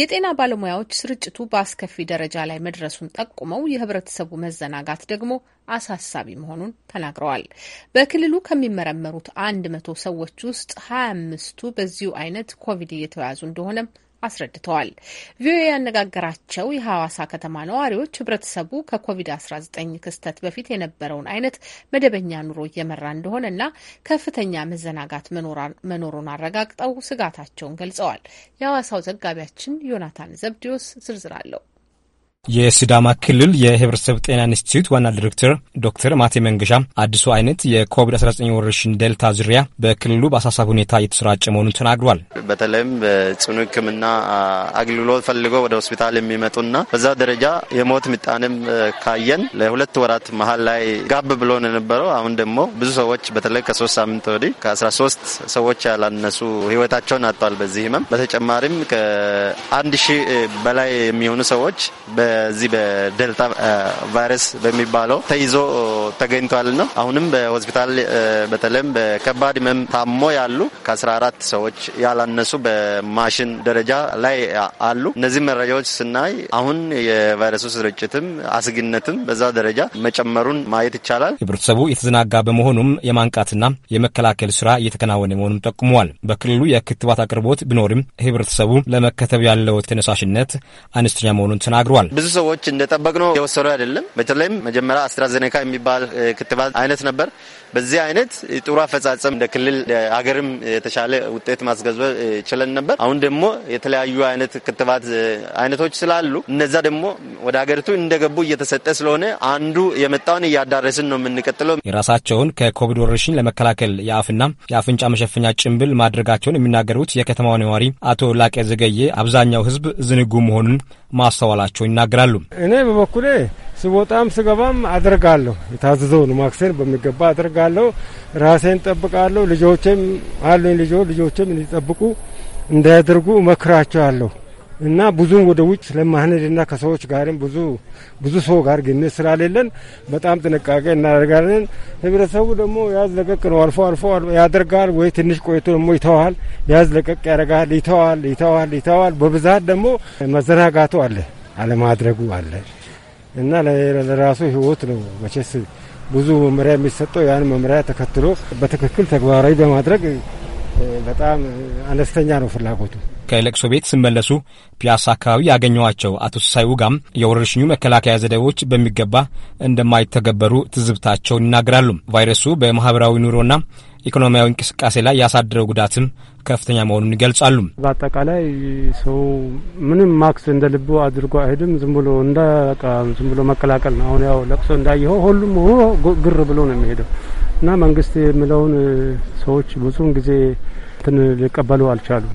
የጤና ባለሙያዎች ስርጭቱ በአስከፊ ደረጃ ላይ መድረሱን ጠቁመው የህብረተሰቡ መዘናጋት ደግሞ አሳሳቢ መሆኑን ተናግረዋል። በክልሉ ከሚመረመሩት አንድ መቶ ሰዎች ውስጥ ሀያ አምስቱ በዚሁ አይነት ኮቪድ እየተያዙ እንደሆነም አስረድተዋል። ቪኦኤ ያነጋገራቸው የሐዋሳ ከተማ ነዋሪዎች ህብረተሰቡ ከኮቪድ-19 ክስተት በፊት የነበረውን አይነት መደበኛ ኑሮ እየመራ እንደሆነ እና ከፍተኛ መዘናጋት መኖሩን አረጋግጠው ስጋታቸውን ገልጸዋል። የሐዋሳው ዘጋቢያችን ዮናታን ዘብዲዮስ ዝርዝር አለው። የሲዳማ ክልል የህብረተሰብ ጤና ኢንስቲትዩት ዋና ዲሬክተር ዶክተር ማቴ መንገሻ አዲሱ አይነት የኮቪድ-19 ወረርሽኝ ዴልታ ዝርያ በክልሉ በአሳሳብ ሁኔታ እየተሰራጨ መሆኑን ተናግሯል። በተለይም በጽኑ ሕክምና አገልግሎት ፈልጎ ወደ ሆስፒታል የሚመጡና በዛ ደረጃ የሞት ምጣንም ካየን ለሁለት ወራት መሀል ላይ ጋብ ብሎ ነው የነበረው። አሁን ደግሞ ብዙ ሰዎች በተለይ ከሶስት ሳምንት ወዲህ ከ13 ሰዎች ያላነሱ ህይወታቸውን አጥተዋል። በዚህ ህመም በተጨማሪም ከአንድ ሺህ በላይ የሚሆኑ ሰዎች በዚህ በደልታ ቫይረስ በሚባለው ተይዞ ተገኝቷል ነው። አሁንም በሆስፒታል በተለይም በከባድ ህመም ታሞ ያሉ ከ14 ሰዎች ያላነሱ በማሽን ደረጃ ላይ አሉ። እነዚህ መረጃዎች ስናይ አሁን የቫይረሱ ስርጭትም አስጊነትም በዛ ደረጃ መጨመሩን ማየት ይቻላል። ህብረተሰቡ የተዘናጋ በመሆኑም የማንቃትና የመከላከል ስራ እየተከናወነ መሆኑን ጠቁመዋል። በክልሉ የክትባት አቅርቦት ቢኖርም ህብረተሰቡ ለመከተብ ያለው ተነሳሽነት አነስተኛ መሆኑን ተናግረዋል። ብዙ ሰዎች እንደጠበቅነው የወሰዱ አይደለም። በተለይም መጀመሪያ አስትራዘኔካ የሚባል ክትባት አይነት ነበር። በዚህ አይነት ጥሩ አፈጻጸም እንደ ክልል ሀገርም የተሻለ ውጤት ማስገዝበብ ችለን ነበር። አሁን ደግሞ የተለያዩ አይነት ክትባት አይነቶች ስላሉ እነዛ ደግሞ ወደ ሀገሪቱ እንደገቡ እየተሰጠ ስለሆነ አንዱ የመጣውን እያዳረስን ነው የምንቀጥለው። የራሳቸውን ከኮቪድ ወረርሽኝ ለመከላከል የአፍና የአፍንጫ መሸፈኛ ጭንብል ማድረጋቸውን የሚናገሩት የከተማው ነዋሪ አቶ ላቄ ዘገየ አብዛኛው ሕዝብ ዝንጉ መሆኑን ማስተዋላቸው ይናገራሉ። እኔ በበኩሌ ስወጣም ስገባም አድርጋለሁ። የታዘዘውን ማክሴን በሚገባ አድርጋለሁ። ራሴን ጠብቃለሁ። ልጆችም አሉኝ። ልጆ ልጆችም እንዲጠብቁ እንዳያደርጉ እመክራቸዋለሁ። እና ብዙም ወደ ውጭ ስለማንሄድና ከሰዎች ጋርም ብዙ ብዙ ሰው ጋር ግንኙነት ስላሌለን በጣም ጥንቃቄ እናደርጋለን። ህብረተሰቡ ደግሞ ያዝ ለቀቅ ነው። አልፎ አልፎ ያደርጋል ወይ ትንሽ ቆይቶ ደግሞ ይተዋል። ያዝ ለቀቅ ያደርጋል፣ ይተዋል፣ ይተዋል፣ ይተዋል። በብዛት ደግሞ መዘናጋቱ አለ፣ አለማድረጉ አለ እና ለራሱ ህይወት ነው መቼስ ብዙ መመሪያ የሚሰጠው ያን መመሪያ ተከትሎ በትክክል ተግባራዊ በማድረግ በጣም አነስተኛ ነው ፍላጎቱ። ከለቅሶ ቤት ሲመለሱ ፒያሳ አካባቢ ያገኘዋቸው አቶ ሲሳይ ውጋም የወረርሽኙ መከላከያ ዘዴዎች በሚገባ እንደማይተገበሩ ትዝብታቸውን ይናገራሉ። ቫይረሱ በማህበራዊ ኑሮና ኢኮኖሚያዊ እንቅስቃሴ ላይ ያሳደረው ጉዳትም ከፍተኛ መሆኑን ይገልጻሉ። በአጠቃላይ ሰው ምንም ማክስ እንደ ልቡ አድርጎ አይሄድም። ዝም ብሎ እንደ ዝም ብሎ መቀላቀል ነው። አሁን ያው ለቅሶ እንዳየኸው ሁሉም ሆ ግር ብሎ ነው የሚሄደው እና መንግስት የሚለውን ሰዎች ብዙውን ጊዜ እንትን ሊቀበሉ አልቻሉም።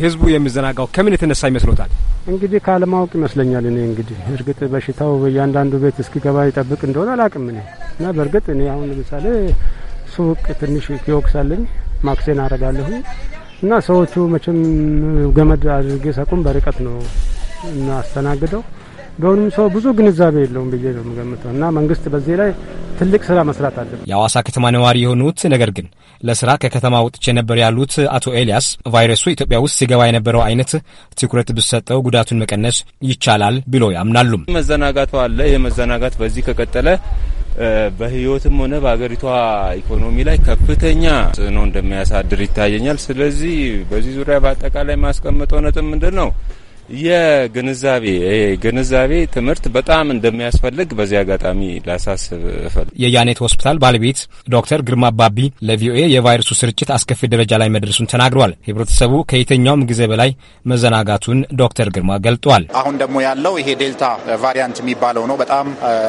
ህዝቡ የሚዘናጋው ከምን የተነሳ ይመስሎታል? እንግዲህ ካለማወቅ ይመስለኛል። እኔ እንግዲህ እርግጥ በሽታው እያንዳንዱ ቤት እስኪገባ ይጠብቅ እንደሆነ አላቅም እኔ እና በእርግጥ እኔ አሁን ለምሳሌ ሱቅ ትንሽ ኪዮክሳለኝ ማክሴን አረጋለሁ እና ሰዎቹ መቼም ገመድ አድርጌ ሰቁም በርቀት ነው እና አስተናግደው በሁሉም ሰው ብዙ ግንዛቤ የለውም ብዬ ነው የምገምተው እና መንግስት በዚህ ላይ ትልቅ ስራ መስራት አለበት። የአዋሳ ከተማ ነዋሪ የሆኑት ነገር ግን ለስራ ከከተማ ወጥቼ ነበር ያሉት አቶ ኤልያስ ቫይረሱ ኢትዮጵያ ውስጥ ሲገባ የነበረው አይነት ትኩረት ብሰጠው ጉዳቱን መቀነስ ይቻላል ብሎ ያምናሉም። መዘናጋቱ አለ። ይህ መዘናጋት በዚህ ከቀጠለ በህይወትም ሆነ በሀገሪቷ ኢኮኖሚ ላይ ከፍተኛ ጽዕኖ እንደሚያሳድር ይታየኛል። ስለዚህ በዚህ ዙሪያ በአጠቃላይ ማስቀመጠው ነጥብ ምንድን ነው? የግንዛቤ ግንዛቤ ትምህርት በጣም እንደሚያስፈልግ በዚህ አጋጣሚ ላሳስብ እፈል የያኔት ሆስፒታል ባለቤት ዶክተር ግርማ ባቢ ለቪኦኤ የቫይረሱ ስርጭት አስከፊ ደረጃ ላይ መድረሱን ተናግሯል። ህብረተሰቡ ከየትኛውም ጊዜ በላይ መዘናጋቱን ዶክተር ግርማ ገልጧል። አሁን ደግሞ ያለው ይሄ ዴልታ ቫሪያንት የሚባለው ነው። በጣም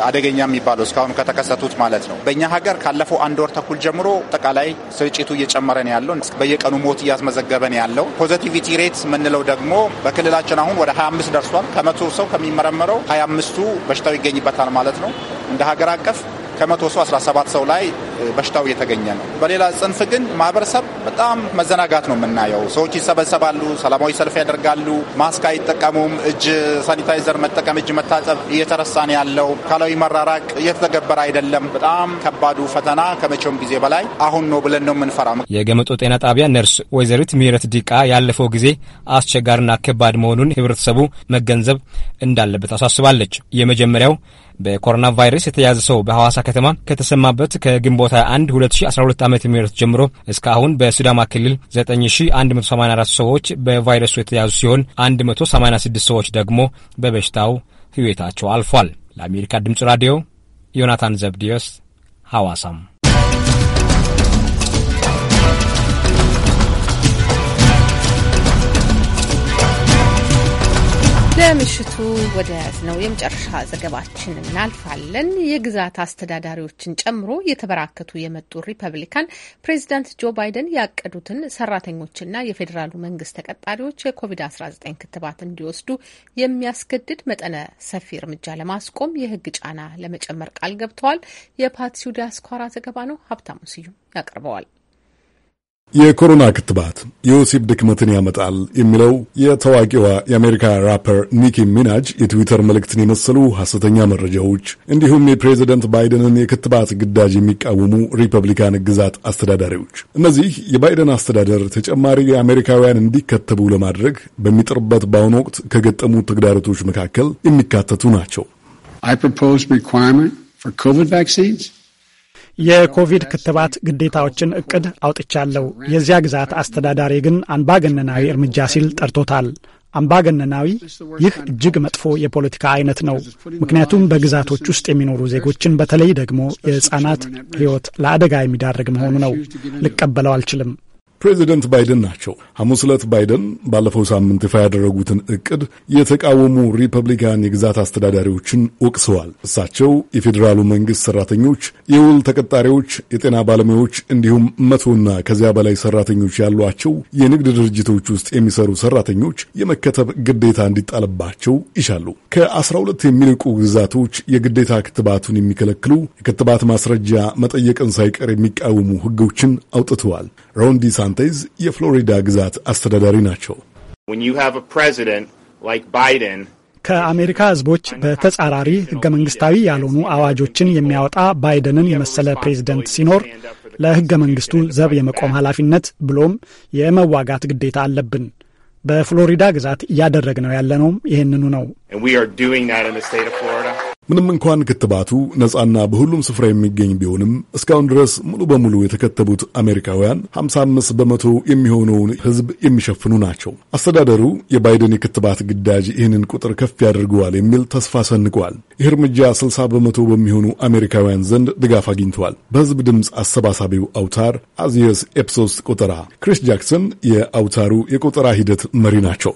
አደገኛ የሚባለው እስካሁን ከተከሰቱት ማለት ነው። በእኛ ሀገር ካለፈው አንድ ወር ተኩል ጀምሮ አጠቃላይ ስርጭቱ እየጨመረ ነው ያለው። በየቀኑ ሞት እያስመዘገበ ነው ያለው። ፖዘቲቪቲ ሬት የምንለው ደግሞ በክልላችን አሁን አሁን ወደ 25 ደርሷል። ከመቶ ሰው ከሚመረመረው 25ቱ በሽታው ይገኝበታል ማለት ነው። እንደ ሀገር አቀፍ ከ117 17 ሰው ላይ በሽታው እየተገኘ ነው። በሌላ ጽንፍ ግን ማህበረሰብ በጣም መዘናጋት ነው የምናየው። ሰዎች ይሰበሰባሉ፣ ሰላማዊ ሰልፍ ያደርጋሉ፣ ማስክ አይጠቀሙም፣ እጅ ሳኒታይዘር መጠቀም፣ እጅ መታጠብ እየተረሳ ነው ያለው። አካላዊ መራራቅ እየተተገበረ አይደለም። በጣም ከባዱ ፈተና ከመቼውም ጊዜ በላይ አሁን ነው ብለን ነው የምንፈራ። የገመጦ ጤና ጣቢያ ነርስ ወይዘሪት ምህረት ዲቃ ያለፈው ጊዜ አስቸጋሪና ከባድ መሆኑን ህብረተሰቡ መገንዘብ እንዳለበት አሳስባለች። የመጀመሪያው በኮሮና ቫይረስ የተያዘ ሰው በሐዋሳ ከተማ ከተሰማበት ከግንቦት 1 2012 ዓ ም ጀምሮ እስካሁን በሲዳማ ክልል 9184 ሰዎች በቫይረሱ የተያዙ ሲሆን 186 ሰዎች ደግሞ በበሽታው ህይወታቸው አልፏል። ለአሜሪካ ድምፅ ራዲዮ ዮናታን ዘብዲዮስ ሐዋሳም ለምሽቱ ወደ ያዝነው የመጨረሻ ዘገባችን እናልፋለን። የግዛት አስተዳዳሪዎችን ጨምሮ እየተበራከቱ የመጡ ሪፐብሊካን ፕሬዚዳንት ጆ ባይደን ያቀዱትን ሰራተኞችና የፌዴራሉ መንግስት ተቀጣሪዎች የኮቪድ-19 ክትባት እንዲወስዱ የሚያስገድድ መጠነ ሰፊ እርምጃ ለማስቆም የህግ ጫና ለመጨመር ቃል ገብተዋል። የፓትሲው ዲያስኳራ ዘገባ ነው። ሀብታሙ ስዩም ያቀርበዋል። የኮሮና ክትባት የወሲብ ድክመትን ያመጣል የሚለው የታዋቂዋ የአሜሪካ ራፐር ኒኪ ሚናጅ የትዊተር መልእክትን የመሰሉ ሐሰተኛ መረጃዎች እንዲሁም የፕሬዚደንት ባይደንን የክትባት ግዳጅ የሚቃወሙ ሪፐብሊካን ግዛት አስተዳዳሪዎች እነዚህ የባይደን አስተዳደር ተጨማሪ የአሜሪካውያን እንዲከተቡ ለማድረግ በሚጥርበት በአሁኑ ወቅት ከገጠሙ ተግዳሮቶች መካከል የሚካተቱ ናቸው። የኮቪድ ክትባት ግዴታዎችን እቅድ አውጥቻለሁ። የዚያ ግዛት አስተዳዳሪ ግን አምባገነናዊ እርምጃ ሲል ጠርቶታል። አምባገነናዊ ይህ እጅግ መጥፎ የፖለቲካ አይነት ነው። ምክንያቱም በግዛቶች ውስጥ የሚኖሩ ዜጎችን በተለይ ደግሞ የህፃናት ህይወት ለአደጋ የሚዳርግ መሆኑ ነው። ልቀበለው አልችልም። ፕሬዚደንት ባይደን ናቸው። ሐሙስ ዕለት ባይደን ባለፈው ሳምንት ይፋ ያደረጉትን እቅድ የተቃወሙ ሪፐብሊካን የግዛት አስተዳዳሪዎችን ወቅሰዋል። እሳቸው የፌዴራሉ መንግሥት ሠራተኞች፣ የውል ተቀጣሪዎች፣ የጤና ባለሙያዎች እንዲሁም መቶና ከዚያ በላይ ሠራተኞች ያሏቸው የንግድ ድርጅቶች ውስጥ የሚሰሩ ሠራተኞች የመከተብ ግዴታ እንዲጣልባቸው ይሻሉ። ከ12 የሚልቁ ግዛቶች የግዴታ ክትባቱን የሚከለክሉ የክትባት ማስረጃ መጠየቅን ሳይቀር የሚቃወሙ ሕጎችን አውጥተዋል። ሮንዲ ዴሳንቴዝ የፍሎሪዳ ግዛት አስተዳዳሪ ናቸው። ከአሜሪካ ሕዝቦች በተጻራሪ ህገ መንግስታዊ ያልሆኑ አዋጆችን የሚያወጣ ባይደንን የመሰለ ፕሬዝደንት ሲኖር ለህገ መንግስቱ ዘብ የመቆም ኃላፊነት ብሎም የመዋጋት ግዴታ አለብን። በፍሎሪዳ ግዛት እያደረግነው ያለነውም ይህንኑ ነው። ምንም እንኳን ክትባቱ ነጻና በሁሉም ስፍራ የሚገኝ ቢሆንም እስካሁን ድረስ ሙሉ በሙሉ የተከተቡት አሜሪካውያን 55 በመቶ የሚሆነውን ሕዝብ የሚሸፍኑ ናቸው። አስተዳደሩ የባይደን የክትባት ግዳጅ ይህንን ቁጥር ከፍ ያደርገዋል የሚል ተስፋ ሰንቋል። ይህ እርምጃ 60 በመቶ በሚሆኑ አሜሪካውያን ዘንድ ድጋፍ አግኝተዋል። በሕዝብ ድምፅ አሰባሳቢው አውታር አዚየስ ኤፕሶስ ቆጠራ ክሪስ ጃክሰን የአውታሩ የቆጠራ ሂደት መሪ ናቸው።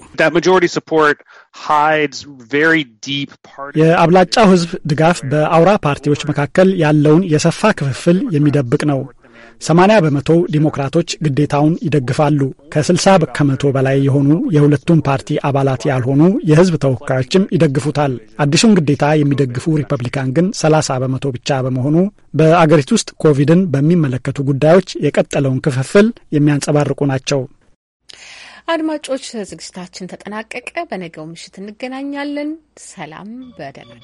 የአብላጫው ህዝብ ድጋፍ በአውራ ፓርቲዎች መካከል ያለውን የሰፋ ክፍፍል የሚደብቅ ነው። 80 በመቶ ዲሞክራቶች ግዴታውን ይደግፋሉ። ከ60 ከመቶ በላይ የሆኑ የሁለቱም ፓርቲ አባላት ያልሆኑ የህዝብ ተወካዮችም ይደግፉታል። አዲሱን ግዴታ የሚደግፉ ሪፐብሊካን ግን 30 በመቶ ብቻ በመሆኑ በአገሪቱ ውስጥ ኮቪድን በሚመለከቱ ጉዳዮች የቀጠለውን ክፍፍል የሚያንጸባርቁ ናቸው። አድማጮች፣ ዝግጅታችን ተጠናቀቀ። በነገው ምሽት እንገናኛለን። ሰላም፣ በደህና